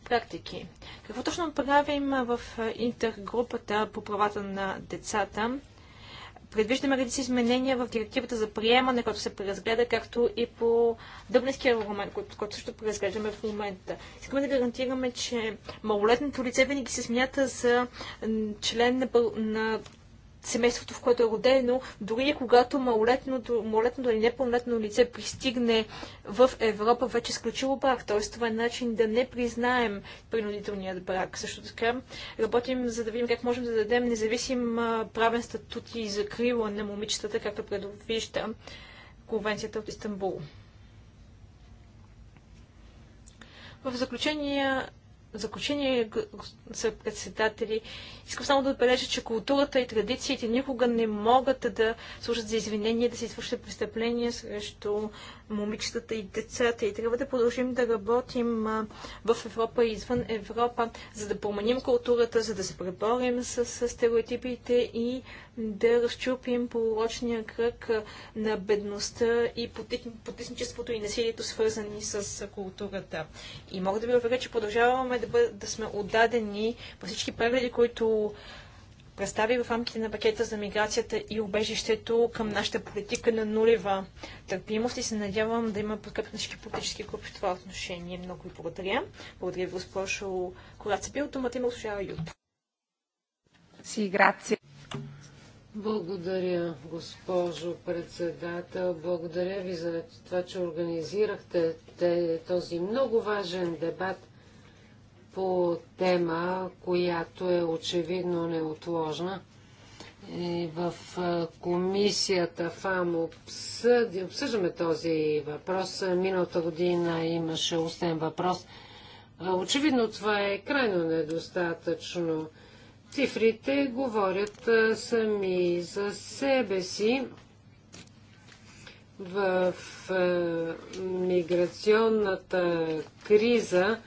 практики. Какво точно правим в е, интергрупата по правата на децата? Предвиждаме редици изменения в директивата за приемане, която се преразгледа, както и по дъбнеския регламент, който, също преразглеждаме в момента. Искаме да гарантираме, че малолетното лице винаги се смята за член на семейството, в което е родено, дори и когато малолетното, малолетното или непълнолетно лице пристигне в Европа, вече е сключило брак. Т.е. това е начин да не признаем принудителният брак. Също така работим за да видим как можем да дадем независим правен статут и закрила на момичетата, както предвижда Конвенцията от Истанбул. В заключение заключение, са председатели, искам само да отбележа, че културата и традициите никога не могат да служат за извинение да се извършат престъпления срещу момичетата и децата. И трябва да продължим да работим в Европа и извън Европа, за да променим културата, за да се преборим с, стереотипите и да разчупим полуочния кръг на бедността и потисничеството и насилието, свързани с културата. И мога да ви уверя, че продължаваме да, да сме отдадени във всички прегледи, които представи в рамките на пакета за миграцията и убежището към нашата политика на нулева търпимост и се надявам да има подкрепа на всички политически групи в това отношение. Много ви благодаря. Благодаря ви, госпожо Кораца Бил. Думата има госпожа Ют. Си, грация. Благодаря, госпожо председател. Благодаря ви за това, че организирахте този много важен дебат – по тема, която е очевидно неотложна. И е, в комисията ФАМ обсъди, обсъждаме този въпрос. Миналата година имаше устен въпрос. Очевидно това е крайно недостатъчно. Цифрите говорят сами за себе си в миграционната криза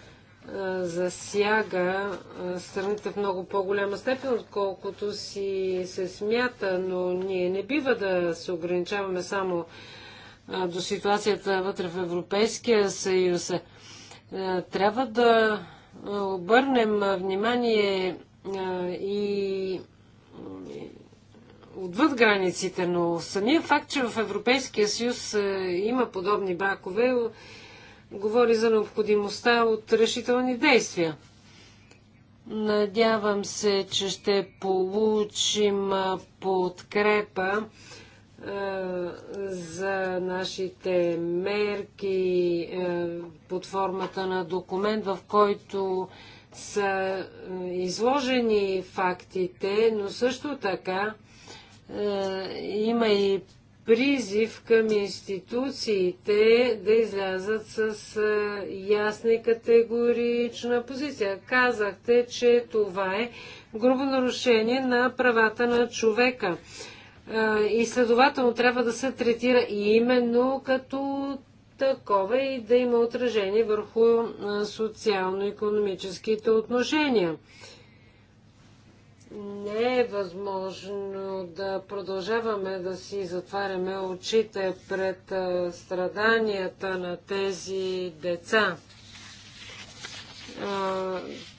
засяга страните в много по-голяма степен, отколкото си се смята, но ние не бива да се ограничаваме само до ситуацията вътре в Европейския съюз. Трябва да обърнем внимание и отвъд границите, но самия факт, че в Европейския съюз има подобни бракове, говори за необходимостта от решителни действия. Надявам се, че ще получим подкрепа за нашите мерки под формата на документ, в който са изложени фактите, но също така има и призив към институциите да излязат с ясна и категорична позиция. Казахте, че това е грубо нарушение на правата на човека. И следователно трябва да се третира именно като такова и да има отражение върху социално-економическите отношения не е възможно да продължаваме да си затваряме очите пред страданията на тези деца.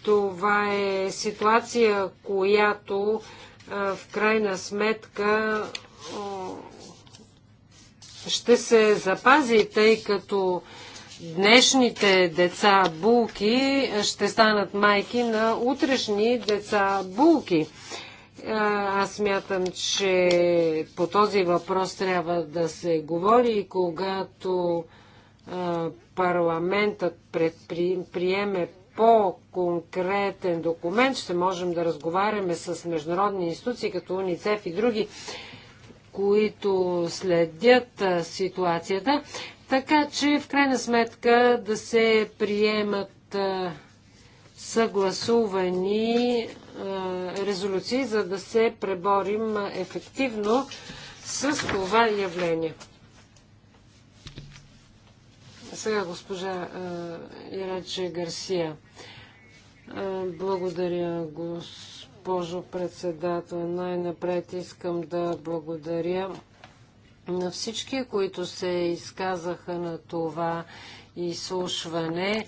Това е ситуация, която в крайна сметка ще се запази, тъй като днешните деца булки ще станат майки на утрешни деца булки. Аз мятам, че по този въпрос трябва да се говори и когато парламентът предприеме по-конкретен документ, ще можем да разговаряме с международни институции, като УНИЦЕФ и други, които следят ситуацията. Така че в крайна сметка да се приемат съгласувани резолюции, за да се преборим ефективно с това явление. Сега госпожа Ираче Гарсия. Благодаря, госпожо председател. Най-напред искам да благодаря на всички, които се изказаха на това изслушване.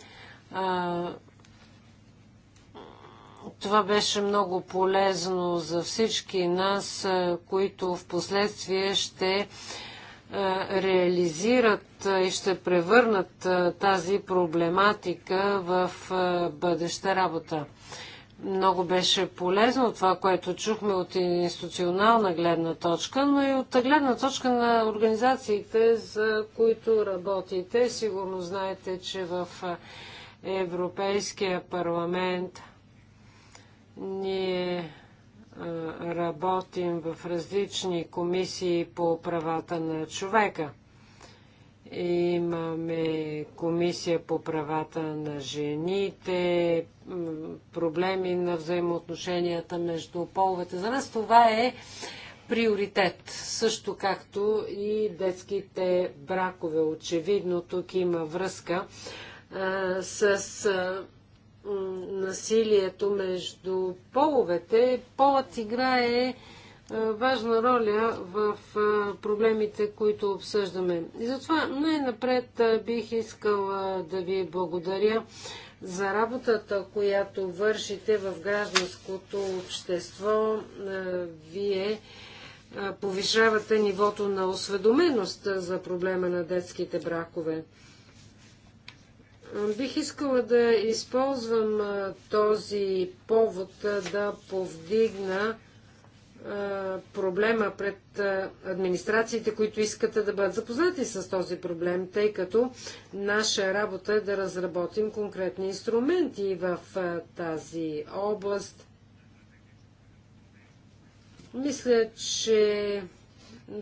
това беше много полезно за всички нас, които в последствие ще реализират и ще превърнат тази проблематика в бъдеща работа. Много беше полезно това, което чухме от институционална гледна точка, но и от гледна точка на организациите, за които работите. Сигурно знаете, че в Европейския парламент ние работим в различни комисии по правата на човека. Имаме комисия по правата на жените, проблеми на взаимоотношенията между половете. За нас това е приоритет, също както и детските бракове. Очевидно тук има връзка с насилието между половете. Полът играе е, важна роля в е, проблемите, които обсъждаме. И затова най-напред е, бих искала да ви благодаря за работата, която вършите в гражданското общество. Вие повишавате нивото на осведоменост за проблема на детските бракове. Бих искала да използвам този повод да повдигна проблема пред администрациите, които искат да бъдат запознати с този проблем, тъй като наша работа е да разработим конкретни инструменти в тази област. Мисля, че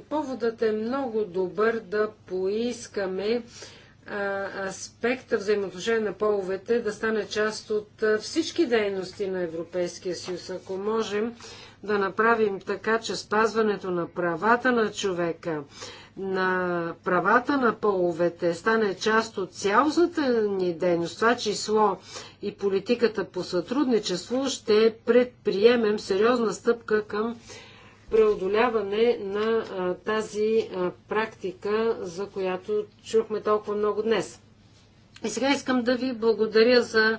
поводът е много добър да поискаме аспекта взаимоотношение на половете да стане част от всички дейности на Европейския съюз. Ако можем да направим така, че спазването на правата на човека, на правата на половете стане част от цялостната ни дейност, това число и политиката по сътрудничество, ще предприемем сериозна стъпка към преодоляване на а, тази а, практика, за която чухме толкова много днес. И сега искам да ви благодаря за а,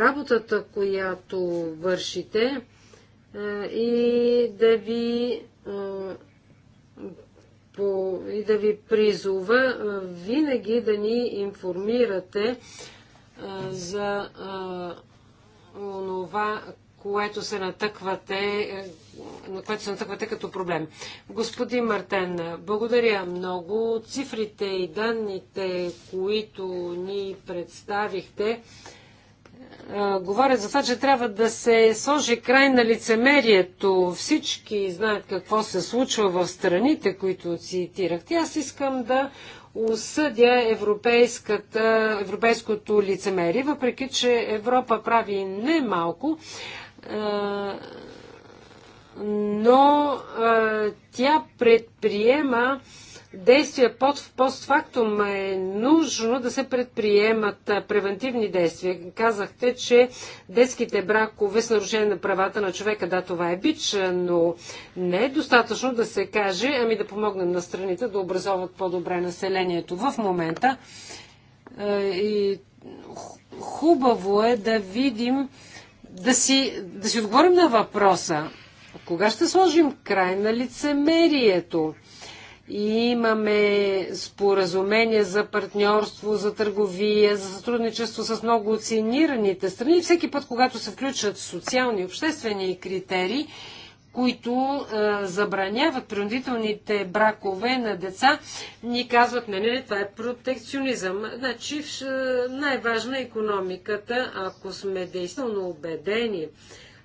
работата, която вършите и да ви по, и да ви призова винаги да ни информирате за това, онова, което се натъквате, на което се натъквате като проблем. Господин Мартен, благодаря много. Цифрите и данните, които ни представихте, говорят за това, че трябва да се сложи край на лицемерието. Всички знаят какво се случва в страните, които цитирахте. Аз искам да осъдя европейското лицемерие, въпреки че Европа прави не малко, но тя предприема действия под, постфактум е нужно да се предприемат превентивни действия. Казахте, че детските бракове с нарушение на правата на човека, да, това е бич, но не е достатъчно да се каже, ами да помогнем на страните да образоват по-добре населението в момента. И хубаво е да видим, да си, да си отговорим на въпроса. Кога ще сложим край на лицемерието? И имаме споразумение за партньорство, за търговия, за сътрудничество с много оценираните страни. Всеки път, когато се включат социални и обществени критерии, които е, забраняват принудителните бракове на деца, ни казват, не, не, не, това е протекционизъм. Значи е, най-важна е економиката, ако сме действително убедени,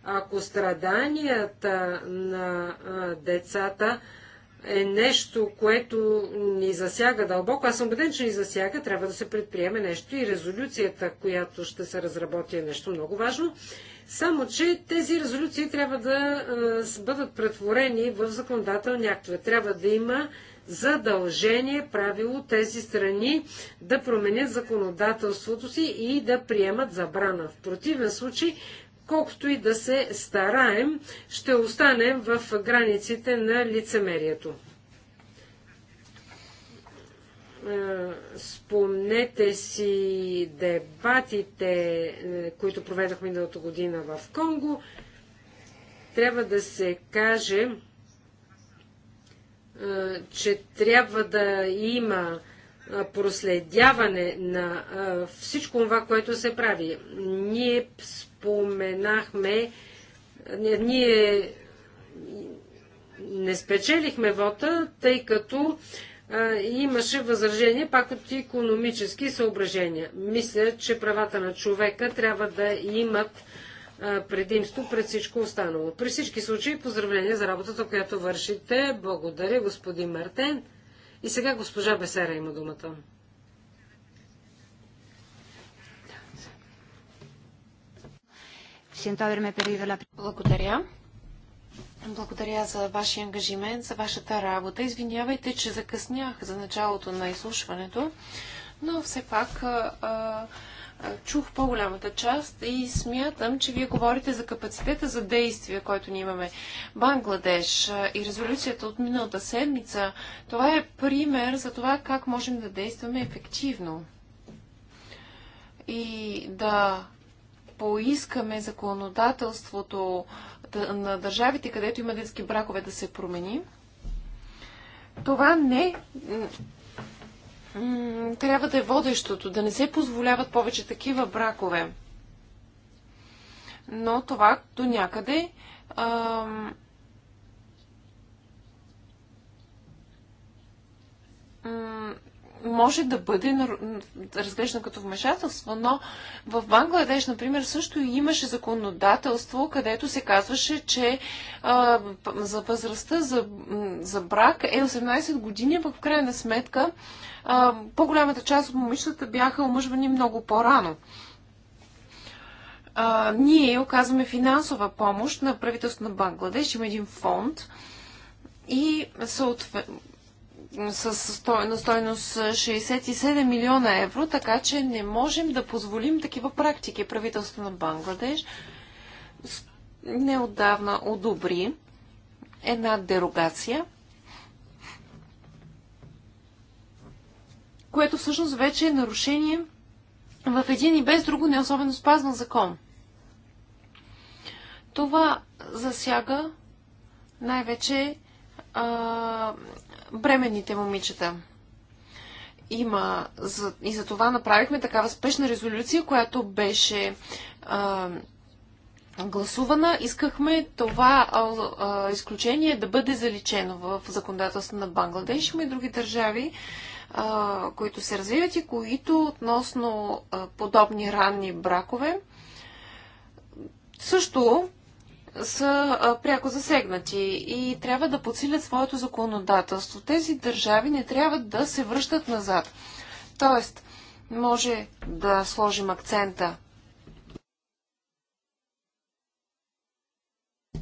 ако страданията на е, децата е нещо, което ни засяга дълбоко. Аз съм убеден, че ни засяга. Трябва да се предприеме нещо и резолюцията, която ще се разработи е нещо много важно. Само, че тези резолюции трябва да бъдат претворени в законодателни актове. Трябва да има задължение правило тези страни да променят законодателството си и да приемат забрана. В противен случай колкото и да се стараем, ще останем в границите на лицемерието. Е, спомнете си дебатите, е, които проведохме миналото година в Конго. Трябва да се каже, е, че трябва да има проследяване на всичко това, което се прави. Ние споменахме, ние не спечелихме вота, тъй като имаше възражение пак от економически съображения. Мисля, че правата на човека трябва да имат предимство пред всичко останало. При всички случаи поздравления за работата, която вършите. Благодаря, господин Мартен. И сега госпожа Бесера има думата. Е Благодаря. Благодаря за вашия ангажимент, за вашата работа. Извинявайте, че закъснях за началото на изслушването, но все пак а, чух по-голямата част и смятам, че вие говорите за капацитета за действие, който ние имаме. Бангладеш и резолюцията от миналата седмица, това е пример за това как можем да действаме ефективно и да поискаме законодателството на държавите, където има детски бракове, да се промени. Това не трябва да е водещото, да не се позволяват повече такива бракове. Но това до някъде може да бъде разглеждан като вмешателство, но в Бангладеш, например, също имаше законодателство, където се казваше, че а, за възрастта за, за брак е 18 години, пък в крайна сметка по-голямата част от момичетата бяха омъжвани много по-рано. ние оказваме финансова помощ на правителството на Бангладеш. Има един фонд и съответно с стой, на стойност 67 милиона евро, така че не можем да позволим такива практики. Правителството на Бангладеш неотдавна одобри една дерогация което всъщност вече е нарушение в един и без друго не особено спазван закон. Това засяга най-вече бременните момичета. Има, за, и за това направихме такава спешна резолюция, която беше а, гласувана. Искахме това а, а, изключение да бъде заличено в законодателството на Бангладеш. и други държави, които се развиват и които относно подобни ранни бракове също са пряко засегнати и трябва да подсилят своето законодателство. Тези държави не трябва да се връщат назад. Тоест, може да сложим акцента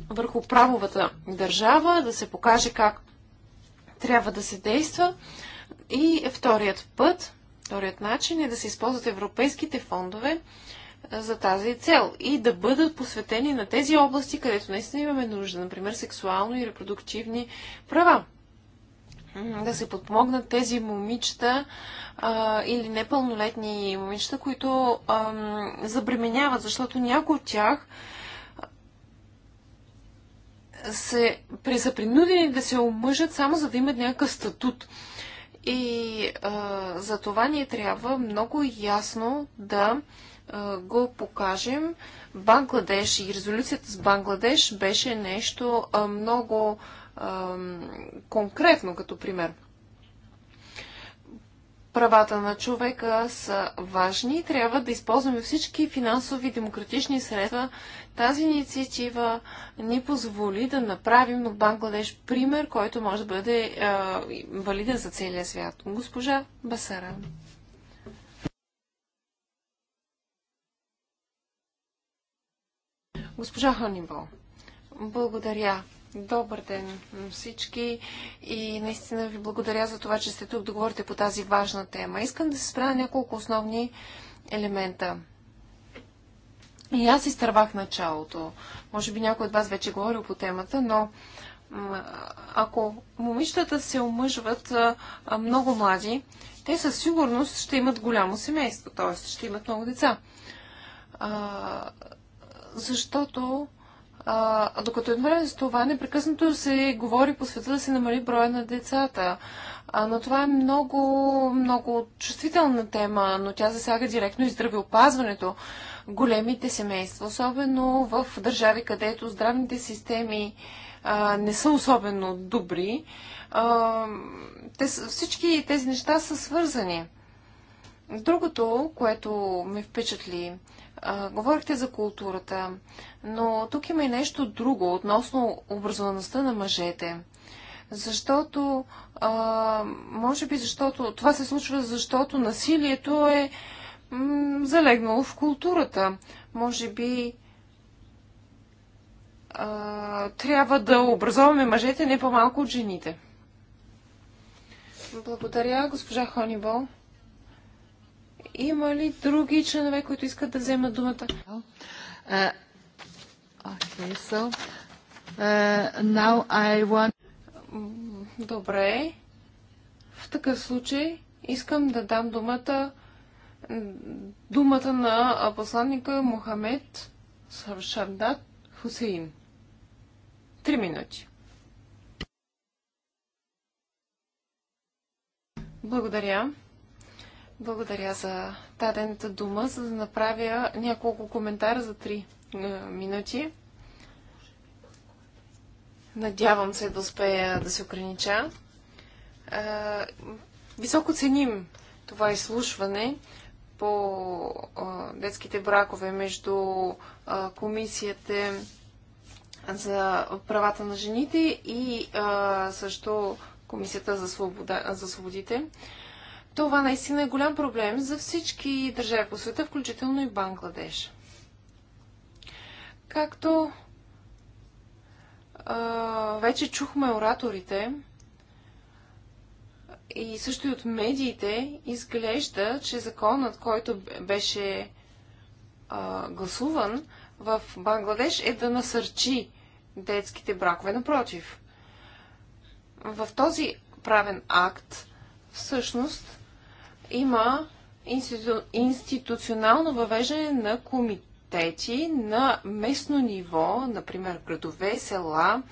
върху правовата държава, да се покаже как трябва да се действа и вторият път, вторият начин е да се използват европейските фондове за тази цел и да бъдат посветени на тези области, където наистина имаме нужда, например сексуално и репродуктивни права. Да се подпомогнат тези момичета а, или непълнолетни момичета, които а, забременяват, защото някои от тях се, са принудени да се омъжат само за да имат някакъв статут. И а, за това ние трябва много ясно да а, го покажем. Бангладеш и резолюцията с Бангладеш беше нещо а, много а, конкретно като пример правата на човека са важни и трябва да използваме всички финансови и демократични средства. Тази инициатива ни позволи да направим в Бангладеш пример, който може да бъде е, валиден за целия свят. Госпожа Басара. Госпожа Ханибал. Благодаря. Добър ден всички и наистина ви благодаря за това, че сте тук да говорите по тази важна тема. Искам да се спра на няколко основни елемента. И аз изтървах началото. Може би някой от вас вече е говорил по темата, но ако момичетата се омъжват много млади, те със сигурност ще имат голямо семейство, т.е. ще имат много деца. А, защото а, докато едновременно с това непрекъснато се говори по света да се намали броя на децата. А, но това е много, много чувствителна тема, но тя засяга директно и здравеопазването. Големите семейства, особено в държави, където здравните системи а, не са особено добри, а, те, всички тези неща са свързани. Другото, което ме впечатли, говорихте за културата, но тук има и нещо друго относно образоваността на мъжете. Защото, а, може би защото, това се случва защото насилието е залегнало в културата. Може би а, трябва да образоваме мъжете не по-малко от жените. Благодаря, госпожа Хонибол. Има ли други членове, които искат да вземат думата? Е, е, Добре. В такъв случай искам да дам думата думата на посланника Мохамед Шардат Хусейн. Три минути. Благодаря. Благодаря за дадената дума, за да направя няколко коментара за 3 е, минути. Надявам се да успея да се огранича. Е, високо ценим това изслушване по е, детските бракове между е, комисията за правата на жените и е, също комисията за, свобода, за свободите. Това наистина е голям проблем за всички държави по света, включително и Бангладеш. Както а, вече чухме ораторите и също и от медиите, изглежда, че законът, който беше а, гласуван в Бангладеш, е да насърчи детските бракове. Напротив, в този правен акт всъщност има институционално въвеждане на комитети на местно ниво, например градове, села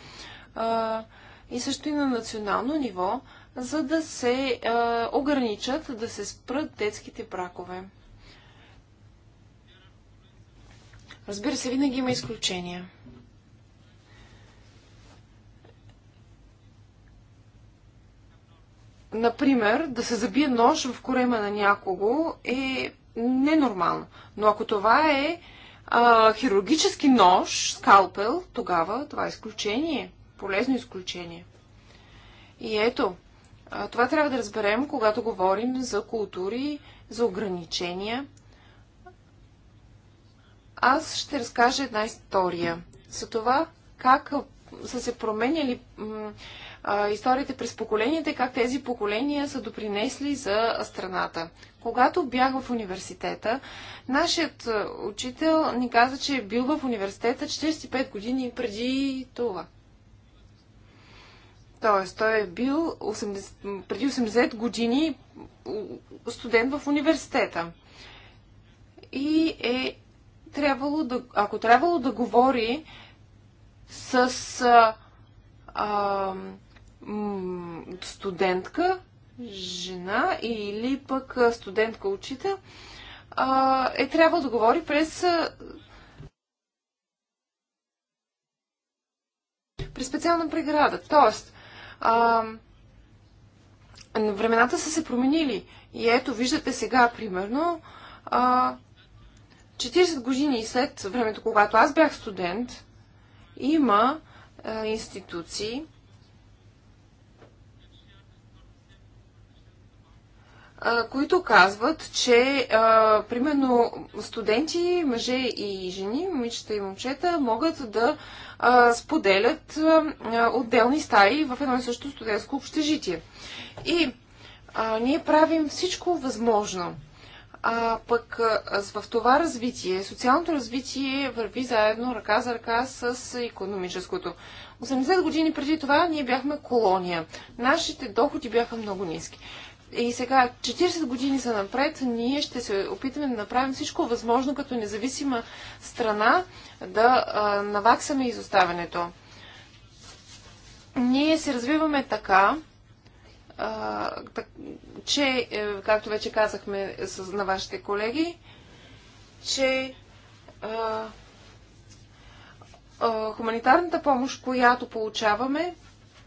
а, и също и на национално ниво, за да се а, ограничат, да се спрат детските бракове. Разбира се, винаги има изключения. например, да се забие нож в корема на някого е ненормално. Но ако това е а, хирургически нож, скалпел, тогава това е изключение. Полезно изключение. И ето, а, това трябва да разберем, когато говорим за култури, за ограничения. Аз ще разкажа една история за това как са се променяли а, историите през поколенията и как тези поколения са допринесли за страната. Когато бях в университета, нашият учител ни каза, че е бил в университета 45 години преди това. Тоест, той е бил 80, преди 80 години студент в университета. И е трябвало да, ако трябвало да говори с а, а, студентка, жена или пък студентка учител, е трябва да говори през при специална преграда. Тоест, а, времената са се променили. И ето, виждате сега, примерно, а, 40 години след времето, когато аз бях студент, има а, институции, които казват, че а, примерно студенти, мъже и жени, момичета и момчета, могат да а, споделят а, отделни стаи в едно и също студентско общежитие. И а, ние правим всичко възможно. А пък в това развитие, социалното развитие върви заедно ръка за ръка с економическото. 80 години преди това ние бяхме колония. Нашите доходи бяха много ниски. И сега, 40 години са напред, ние ще се опитаме да направим всичко възможно като независима страна да а, наваксаме изоставането. Ние се развиваме така, а, че, е, както вече казахме с, на вашите колеги, че а, хуманитарната помощ, която получаваме,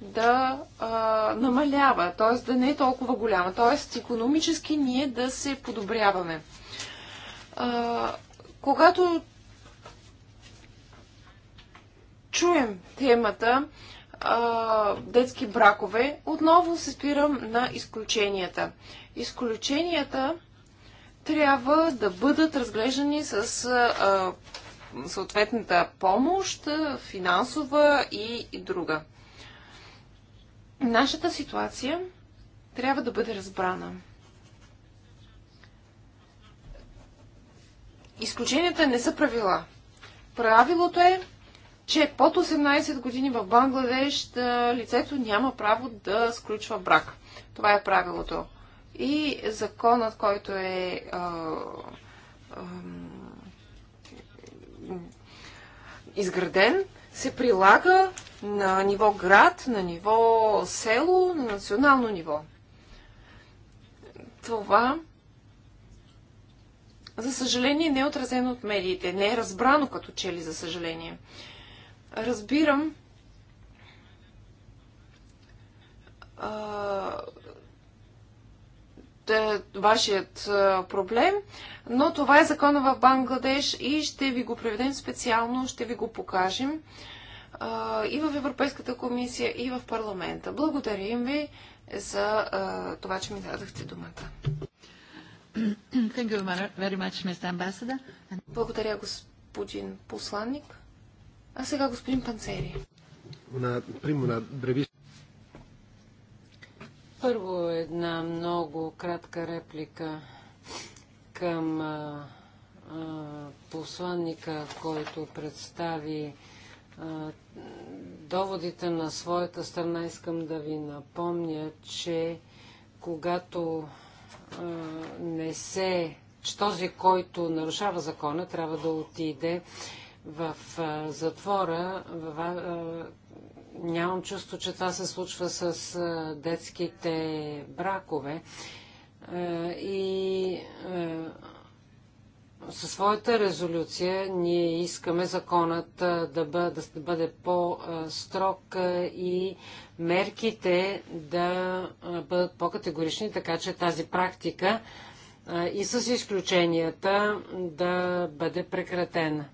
да а, намалява, т.е. да не е толкова голяма, т.е. економически ние да се подобряваме. А, когато чуем темата а, детски бракове, отново се спирам на изключенията. Изключенията трябва да бъдат разглеждани с а, съответната помощ, финансова и, и друга. Нашата ситуация трябва да бъде разбрана. Изключенията не са правила. Правилото е, че под 18 години в Бангладеш лицето няма право да сключва брак. Това е правилото. И законът, който е а, а, изграден, се прилага на ниво град, на ниво село, на национално ниво. Това, за съжаление, не е отразено от медиите. Не е разбрано като чели, за съжаление. Разбирам, а, вашият проблем, но това е закона в Бангладеш и ще ви го преведем специално, ще ви го покажем и в Европейската комисия, и в парламента. Благодарим ви за това, че ми дадахте думата. Much, Благодаря, господин посланник. А сега господин Панцери. Първо една много кратка реплика към посланника, който представи доводите на своята страна, искам да ви напомня, че когато а, не се, че този, който нарушава закона, трябва да отиде в а, затвора. В, а, нямам чувство, че това се случва с а, детските бракове. А, и а, със своята резолюция ние искаме законът да бъде, да бъде по-строг и мерките да бъдат по-категорични, така че тази практика и с изключенията да бъде прекратена.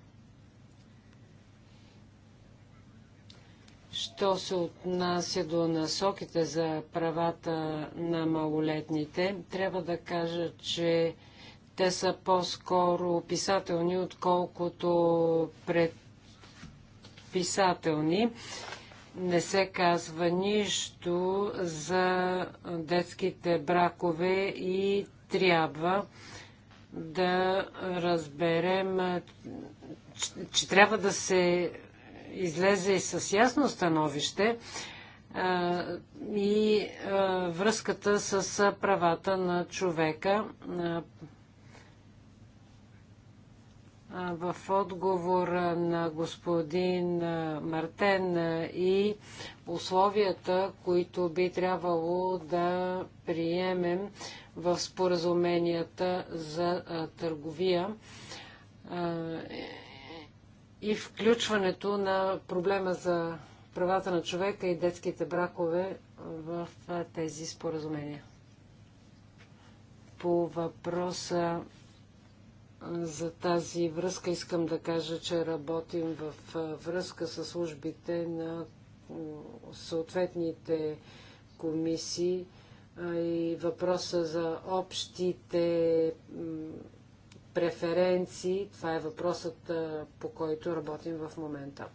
Що се отнася до насоките за правата на малолетните, трябва да кажа, че те са по-скоро писателни, отколкото предписателни. Не се казва нищо за детските бракове и трябва да разберем, че, че трябва да се излезе и с ясно становище а, и а, връзката с правата на човека. А, в отговор на господин Мартен и условията, които би трябвало да приемем в споразуменията за търговия и включването на проблема за правата на човека и детските бракове в тези споразумения. По въпроса за тази връзка искам да кажа, че работим в връзка с службите на съответните комисии и въпроса за общите преференции. Това е въпросът, по който работим в момента.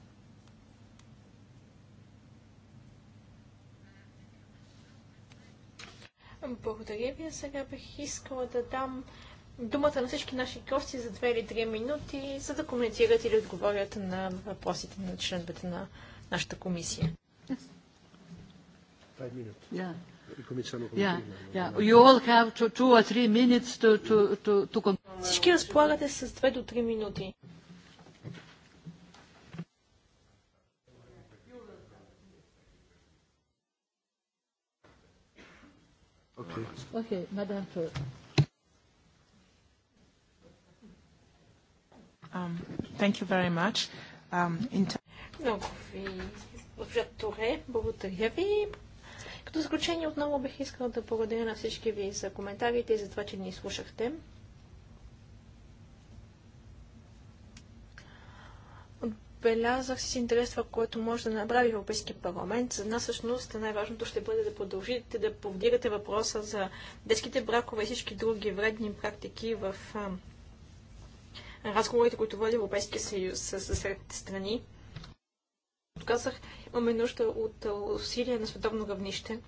Благодаря ви. Сега бих искала да дам думата на всички наши гости за 2 или 3 минути, за да комуницират или отговорят на въпросите на членовете на нашата комисия. Всички разполагате с 2 до 3 минути. Okay. Okay, Madam Tour. Um, thank you very much. Um, Много ви, госпожа благодаря ви. Като заключение отново бих искала да благодаря на всички ви за коментарите и за това, че ни слушахте. отбелязах си интерес това, което може да направи Европейския парламент. За нас всъщност най-важното ще бъде да продължите да повдигате въпроса за детските бракове и всички други вредни практики в разговорите, които води Европейския съюз с съседните страни. Казах, имаме нужда от усилия на световно равнище.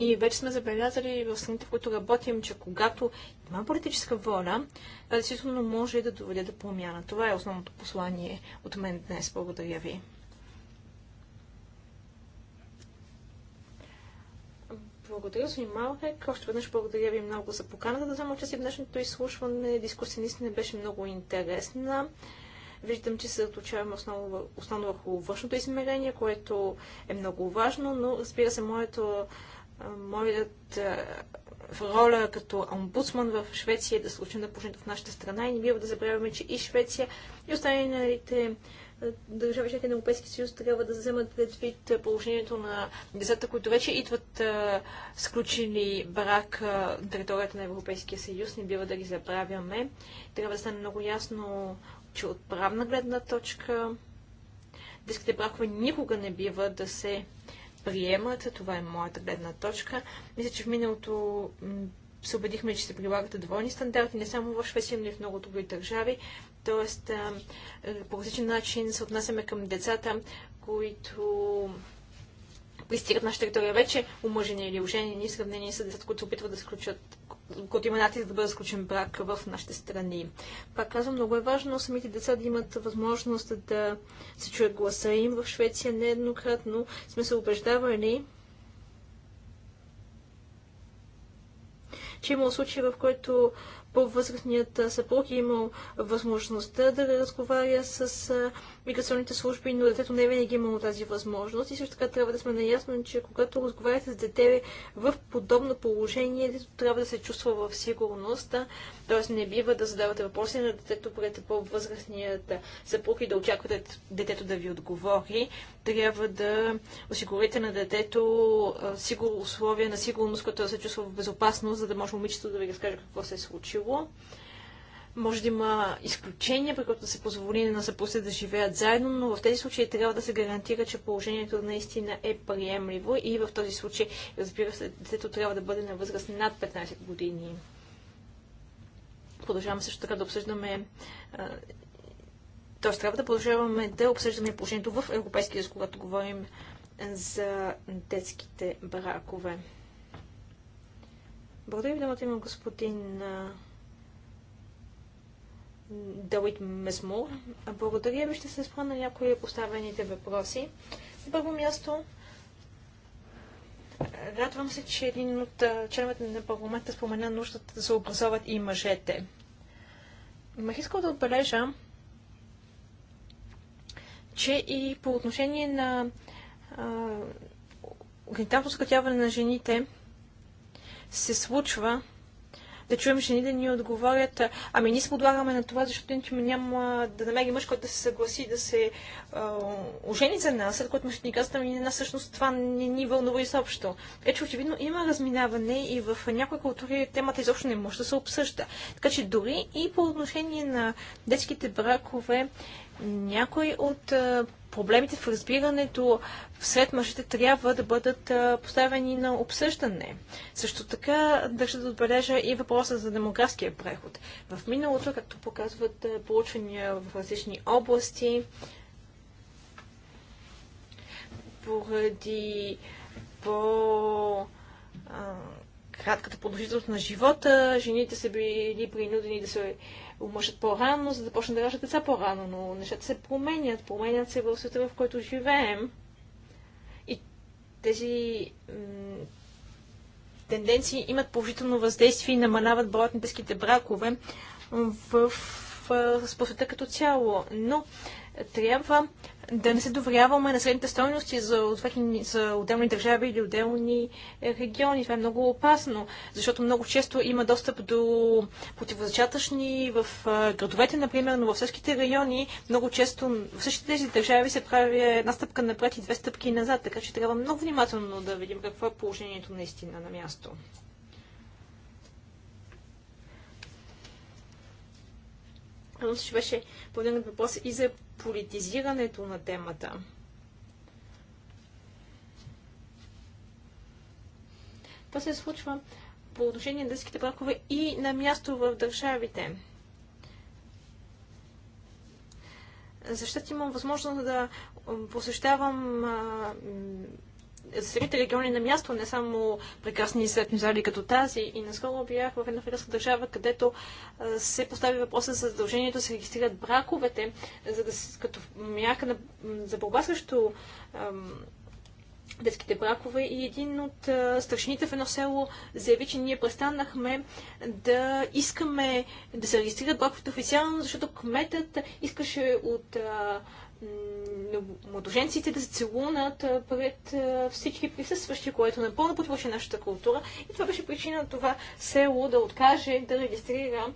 И вече сме забелязали в страните, в които работим, че когато има политическа воля, действително може да доведе до промяна. Това е основното послание от мен днес. Благодаря ви. Благодаря, господин Малрек. Още веднъж благодаря ви много за поканата да взема участие в днешното изслушване. Дискусия наистина беше много интересна. Виждам, че се заточаваме основно, основно върху външното измерение, което е много важно, но разбира се, моето, моят в роля като омбудсман в Швеция е да случим на положението в нашата страна и не бива да забравяме, че и Швеция и останалите е, държави на Европейския съюз трябва да вземат предвид положението на децата, които вече идват е, сключени сключили брак на територията на Европейския съюз. Не бива да ги забравяме. Трябва да стане много ясно, че от правна гледна точка детските бракове никога не бива да се приемат. Това е моята гледна точка. Мисля, че в миналото се убедихме, че се прилагат двойни стандарти, не само в Швеция, но и в много други държави. Тоест, по различен начин се отнасяме към децата, които пристигат на нашата територия вече омъжени или ужени, в сравнение с децата, които се опитват да сключат който има натиск да бъде сключен брак в нашите страни. Пак казвам, много е важно самите деца да имат възможност да се чуят гласа им. В Швеция нееднократно сме се убеждавали, че имало случаи, в който по-възрастният съпруг е имал възможността да разговаря с миграционните служби, но детето не винаги е имало тази възможност. И също така трябва да сме наясно, че когато разговаряте с дете в подобно положение, детето трябва да се чувства в сигурност, т.е. не бива да задавате въпроси на детето пред по-възрастният съпруг и да очаквате детето да ви отговори. Трябва да осигурите на детето сигур... условия на сигурност, което да се чувства в безопасност, за да може момичето да ви разкаже какво се е случило. Може да има изключения, при които да се позволи на съпрусите да живеят заедно, но в тези случаи трябва да се гарантира, че положението наистина е приемливо и в този случай, разбира се, детето трябва да бъде на възраст над 15 години. Продължаваме също така да обсъждаме т.е. трябва да продължаваме да обсъждаме положението в Европейския съюз, когато говорим за детските бракове. Благодаря ви, думата има господин Давид Месмур. Благодаря ви, ще се спра на някои поставените въпроси. На първо място, радвам се, че един от членовете на парламента спомена нуждата да се образоват и мъжете. Мах искал да отбележа, че и по отношение на гениталното скътяване на жените се случва да чуем жени да ни отговорят, ами ние се подлагаме на това, защото иначе няма да намери мъж, който да се съгласи да се а, ожени за нас, след което мъжът ни казва, ами нас всъщност това не ни вълнува изобщо. Така че очевидно има разминаване и в някои култури темата изобщо не може да се обсъжда. Така че дори и по отношение на детските бракове някои от проблемите в разбирането сред мъжете трябва да бъдат поставени на обсъждане. Също така държа да отбележа и въпроса за демографския преход. В миналото, както показват получвания в различни области, поради по кратката продължителност на живота, жените са били принудени да се омъжат по-рано, за да почнат да раждат деца по-рано, но нещата се променят, променят се в света, в който живеем. И тези тенденции имат положително въздействие и намаляват броят на детските бракове в, в, в, в като цяло. Но трябва да не се доверяваме на средните стойности за, за отделни държави или отделни региони. Това е много опасно, защото много често има достъп до противозачатъчни в градовете, например, но в същите райони много често в същите тези държави се прави една стъпка напред и две стъпки назад, така че трябва много внимателно да видим какво е положението наистина на място. Но ще беше повдигнат въпрос и за политизирането на темата. Това се случва по отношение на детските бракове и на място в държавите. Защото имам възможност да посещавам а, самите региони на място, не само прекрасни светни зали като тази. И наскоро бях в една френска държава, където се постави въпроса за задължението да се регистрират браковете, за да се, като мярка на, за борба срещу детските бракове и един от а, старшините в едно село заяви, че ние престанахме да искаме да се регистрират браковете официално, защото кметът искаше от а, младоженците да се целунат пред всички присъстващи, което напълно потвърши нашата култура. И това беше причина на това село да откаже да регистрира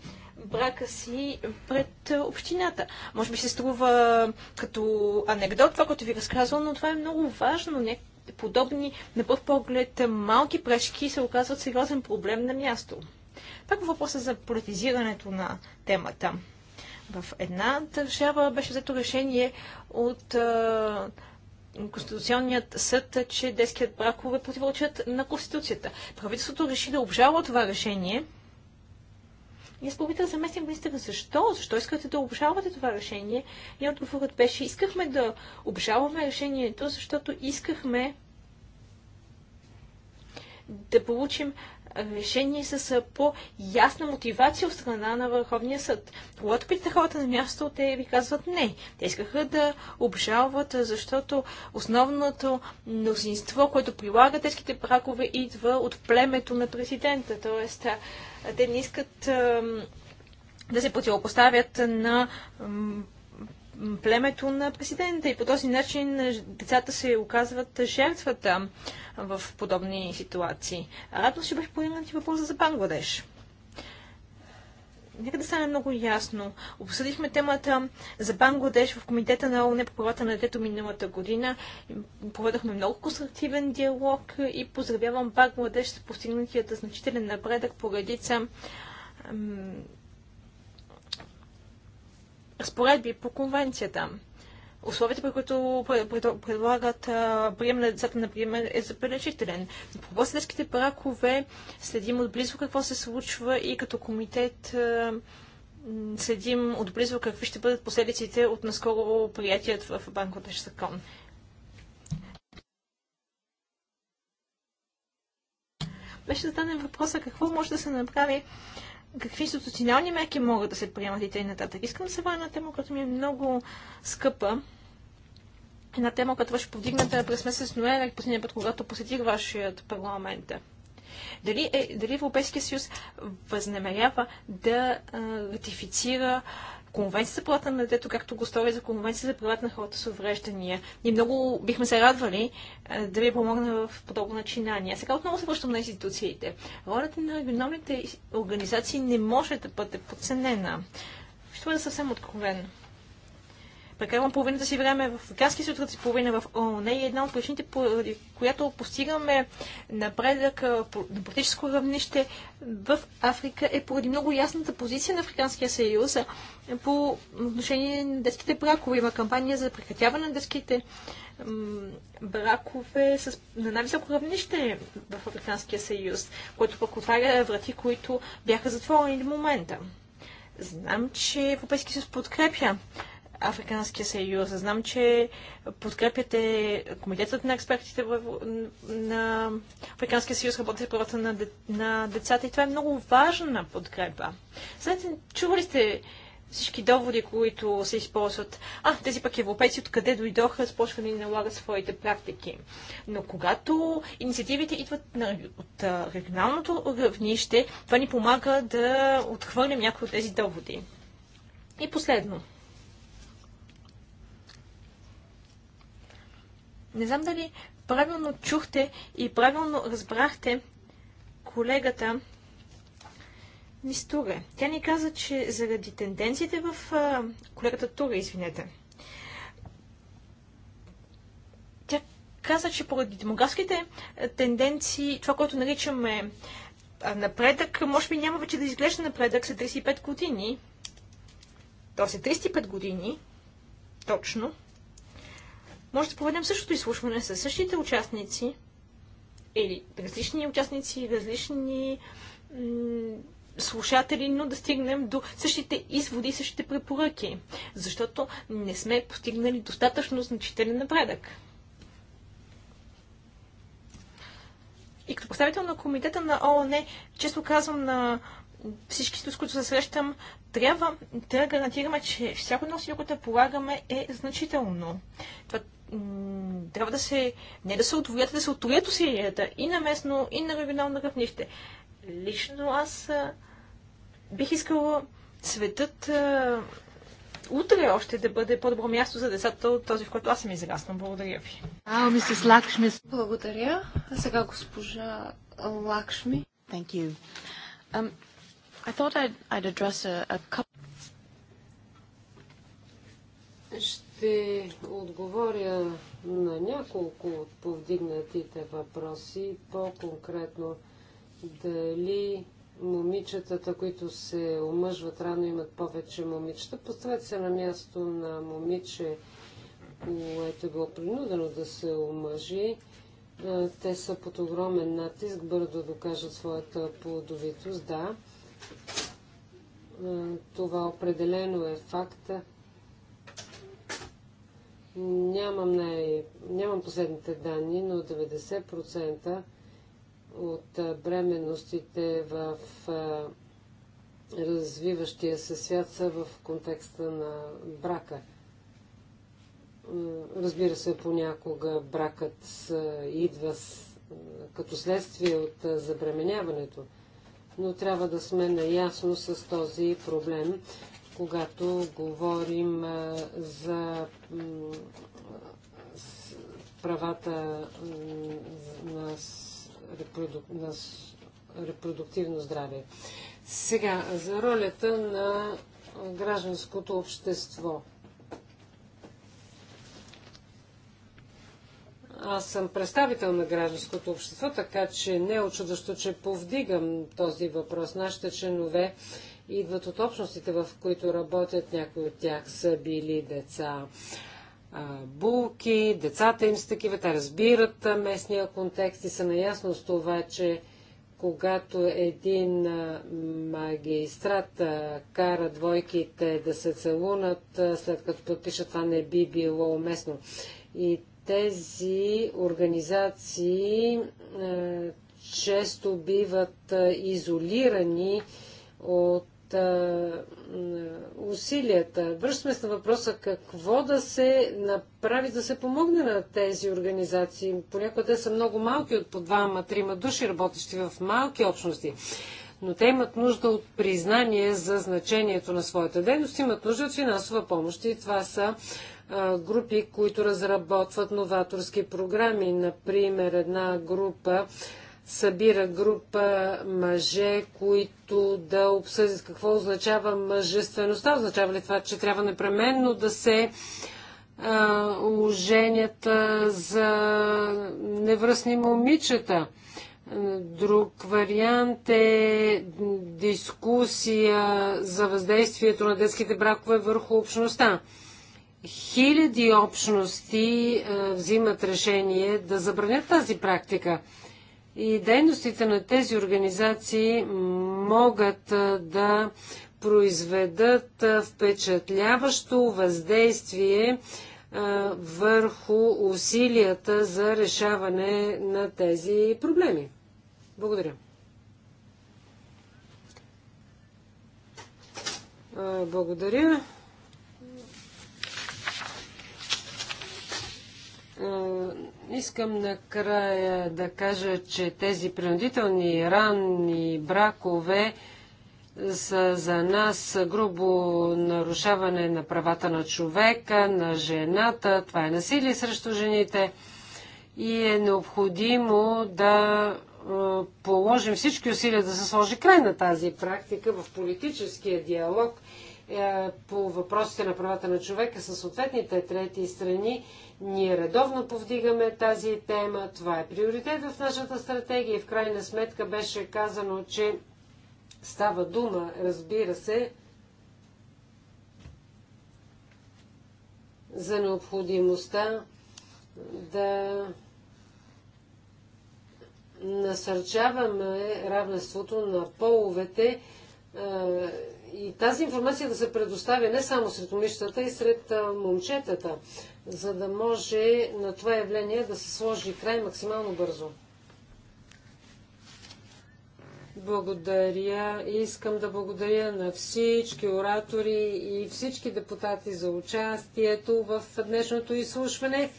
брака си пред общината. Може би се струва като анекдот това, което ви разказвам, но това е много важно. Не подобни на първ поглед малки пречки се оказват сериозен проблем на място. Пак въпроса за политизирането на темата. В една държава беше взето решение от Конституционният съд, че детският бракове противоречат на Конституцията. Правителството реши да обжалва това решение. И аз попитах заместник министър, защо, защо искате да обжалвате това решение. И отговорът беше, искахме да обжалваме решението, защото искахме да получим решени с по-ясна мотивация от страна на Върховния съд. Когато питате хората на място, те ви казват не. Те искаха да обжалват, защото основното мнозинство, което прилага тежките бракове, идва от племето на президента. Тоест, те не искат да се противопоставят на племето на президента и по този начин децата се оказват жертвата в подобни ситуации. Радно ще беше поимнат и въпроса за Бангладеш. Нека да стане много ясно. Обсъдихме темата за Бангладеш в Комитета на ООН по правата на детето миналата година. Проведохме много конструктивен диалог и поздравявам Бангладеш за постигнатията значителен напредък по редица разпоредби по конвенцията. Условията, при които предлагат прием на децата, например, е забележителен. По въпросите бракове следим отблизо какво се случва и като комитет следим отблизо какви ще бъдат последиците от наскоро приятият в Бангладеш закон. Беше зададен въпроса какво може да се направи какви социални мерки могат да се приемат и т.н. Искам да се върна на тема, която ми е много скъпа. Една тема, която беше повдигната през месец ноември, последния път, когато посетих вашият парламент. Дали, е, дали Европейския съюз възнамерява да а, ратифицира конвенция за правата на детето, както го стори за конвенция за правата на хората с увреждания. Ние много бихме се радвали е, да ви помогна в подобно начинание. Сега отново се връщам на институциите. Ролята на регионалните организации не може да бъде подценена. Ще бъда съвсем откровен прекарвам половината си време в Африканския съюз, си половина в ООН и една от причините, поради която постигаме напредък на политическо равнище в Африка е поради много ясната позиция на Африканския съюз по отношение на детските бракове. Има кампания за прекратяване на детските бракове с, на най-високо равнище в Африканския съюз, което пък отваря врати, които бяха затворени до момента. Знам, че Европейския съюз подкрепя Африканския съюз. Знам, че подкрепяте комитетът на експертите на Африканския съюз, работите правата на, на децата и това е много важна подкрепа. Знаете, чували сте всички доводи, които се използват. А, тези пък европейци откъде дойдоха, започват да ни налагат своите практики. Но когато инициативите идват на, от регионалното равнище, това ни помага да отхвърлим някои от тези доводи. И последно. Не знам дали правилно чухте и правилно разбрахте колегата Мистуре. Тя ни каза, че заради тенденциите в колегата Туре, извинете, тя каза, че поради демографските тенденции, това, което наричаме напредък, може би няма вече да изглежда напредък след 35 години. То след 35 години, точно, може да проведем същото изслушване с същите участници или различни участници, различни слушатели, но да стигнем до същите изводи, същите препоръки, защото не сме постигнали достатъчно значителен напредък. И като представител на комитета на ООН, често казвам на всички, с които се срещам, трябва да гарантираме, че всяко едно усилие, което полагаме, е значително. Това трябва да се, не да се отвоят, да се отроят усилията и на местно, и на регионално равнище. Лично аз а, бих искала светът а, утре още да бъде по-добро място за децата от този, в който аз съм израснал. Благодаря ви. А, ми се Лакшми, благодаря. А сега госпожа Лакшми. Thank you. Um, I thought I'd, I'd address a, a couple Ще отговоря на няколко от повдигнатите въпроси, по-конкретно дали момичетата, които се омъжват рано, имат повече момичета. Поставете се на място на момиче, което е било принудено да се омъжи. Те са под огромен натиск, бързо докажат своята плодовитост, да. Това определено е факта. Нямам, най... Нямам последните данни, но 90% от бременностите в развиващия се свят са в контекста на брака. Разбира се, понякога бракът идва с, като следствие от забременяването, но трябва да сме наясно с този проблем когато говорим за правата на, репродук... на репродуктивно здраве. Сега, за ролята на гражданското общество. Аз съм представител на гражданското общество, така че не е очудващо, че повдигам този въпрос. Нашите членове идват от общностите, в които работят. Някои от тях са били деца булки, децата им са такива, те разбират местния контекст и са наясно с това, че когато един магистрат кара двойките да се целунат, след като подпишат, това не би било уместно. И тези организации често биват изолирани от а, усилията. Връщаме се на въпроса какво да се направи, да се помогне на тези организации. Понякога те са много малки, от по двама-трима души, работещи в малки общности но те имат нужда от признание за значението на своята дейност, имат нужда от финансова помощ и това са а, групи, които разработват новаторски програми. Например, една група събира група мъже, които да обсъдят какво означава мъжествеността. Означава ли това, че трябва непременно да се оженят за невръстни момичета? Друг вариант е дискусия за въздействието на детските бракове върху общността. Хиляди общности а, взимат решение да забранят тази практика – и дейностите на тези организации могат да произведат впечатляващо въздействие върху усилията за решаване на тези проблеми. Благодаря. благодаря. Е, искам накрая да кажа, че тези принудителни ранни бракове са за нас грубо нарушаване на правата на човека, на жената. Това е насилие срещу жените и е необходимо да е, положим всички усилия да се сложи край на тази практика в политическия диалог е, по въпросите на правата на човека с съответните трети страни ние редовно повдигаме тази тема. Това е приоритет в нашата стратегия и в крайна сметка беше казано, че става дума, разбира се, за необходимостта да насърчаваме равенството на половете и тази информация да се предоставя не само сред момичетата и сред момчетата, за да може на това явление да се сложи край максимално бързо. Благодаря. Искам да благодаря на всички оратори и всички депутати за участието в днешното изслушване.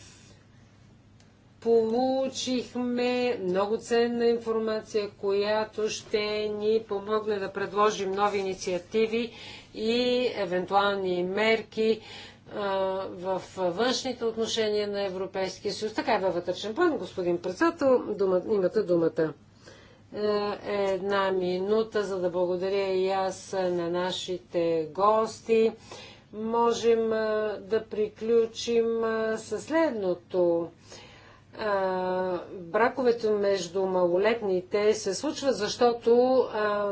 Получихме много ценна информация, която ще ни помогне да предложим нови инициативи и евентуални мерки в външните отношения на Европейския съюз. Така е във вътрешен план, господин председател, дума, имате думата. Е, една минута, за да благодаря и аз на нашите гости. Можем да приключим със следното а, браковете между малолетните се случват, защото а,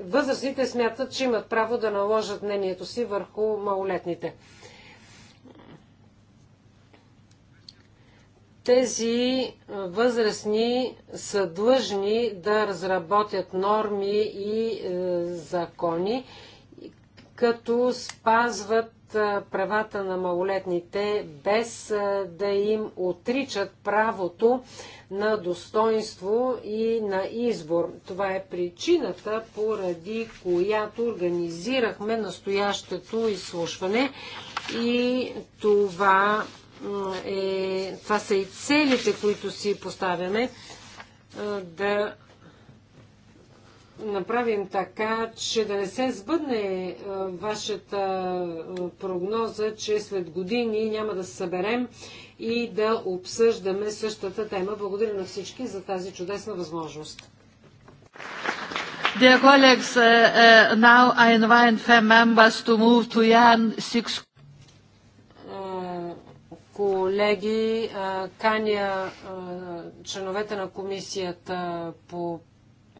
възрастните смятат, че имат право да наложат мнението си върху малолетните. Тези възрастни са длъжни да разработят норми и е, закони, като спазват правата на малолетните, без да им отричат правото на достоинство и на избор. Това е причината, поради която организирахме настоящето изслушване и това, е, това са и целите, които си поставяме да направим така, че да не се сбъдне е, вашата е, прогноза, че след години няма да се съберем и да обсъждаме същата тема. Благодаря на всички за тази чудесна възможност. Dear colleagues, uh, uh, now I invite fair members to move to Jan 6 колеги, каня членовете на комисията по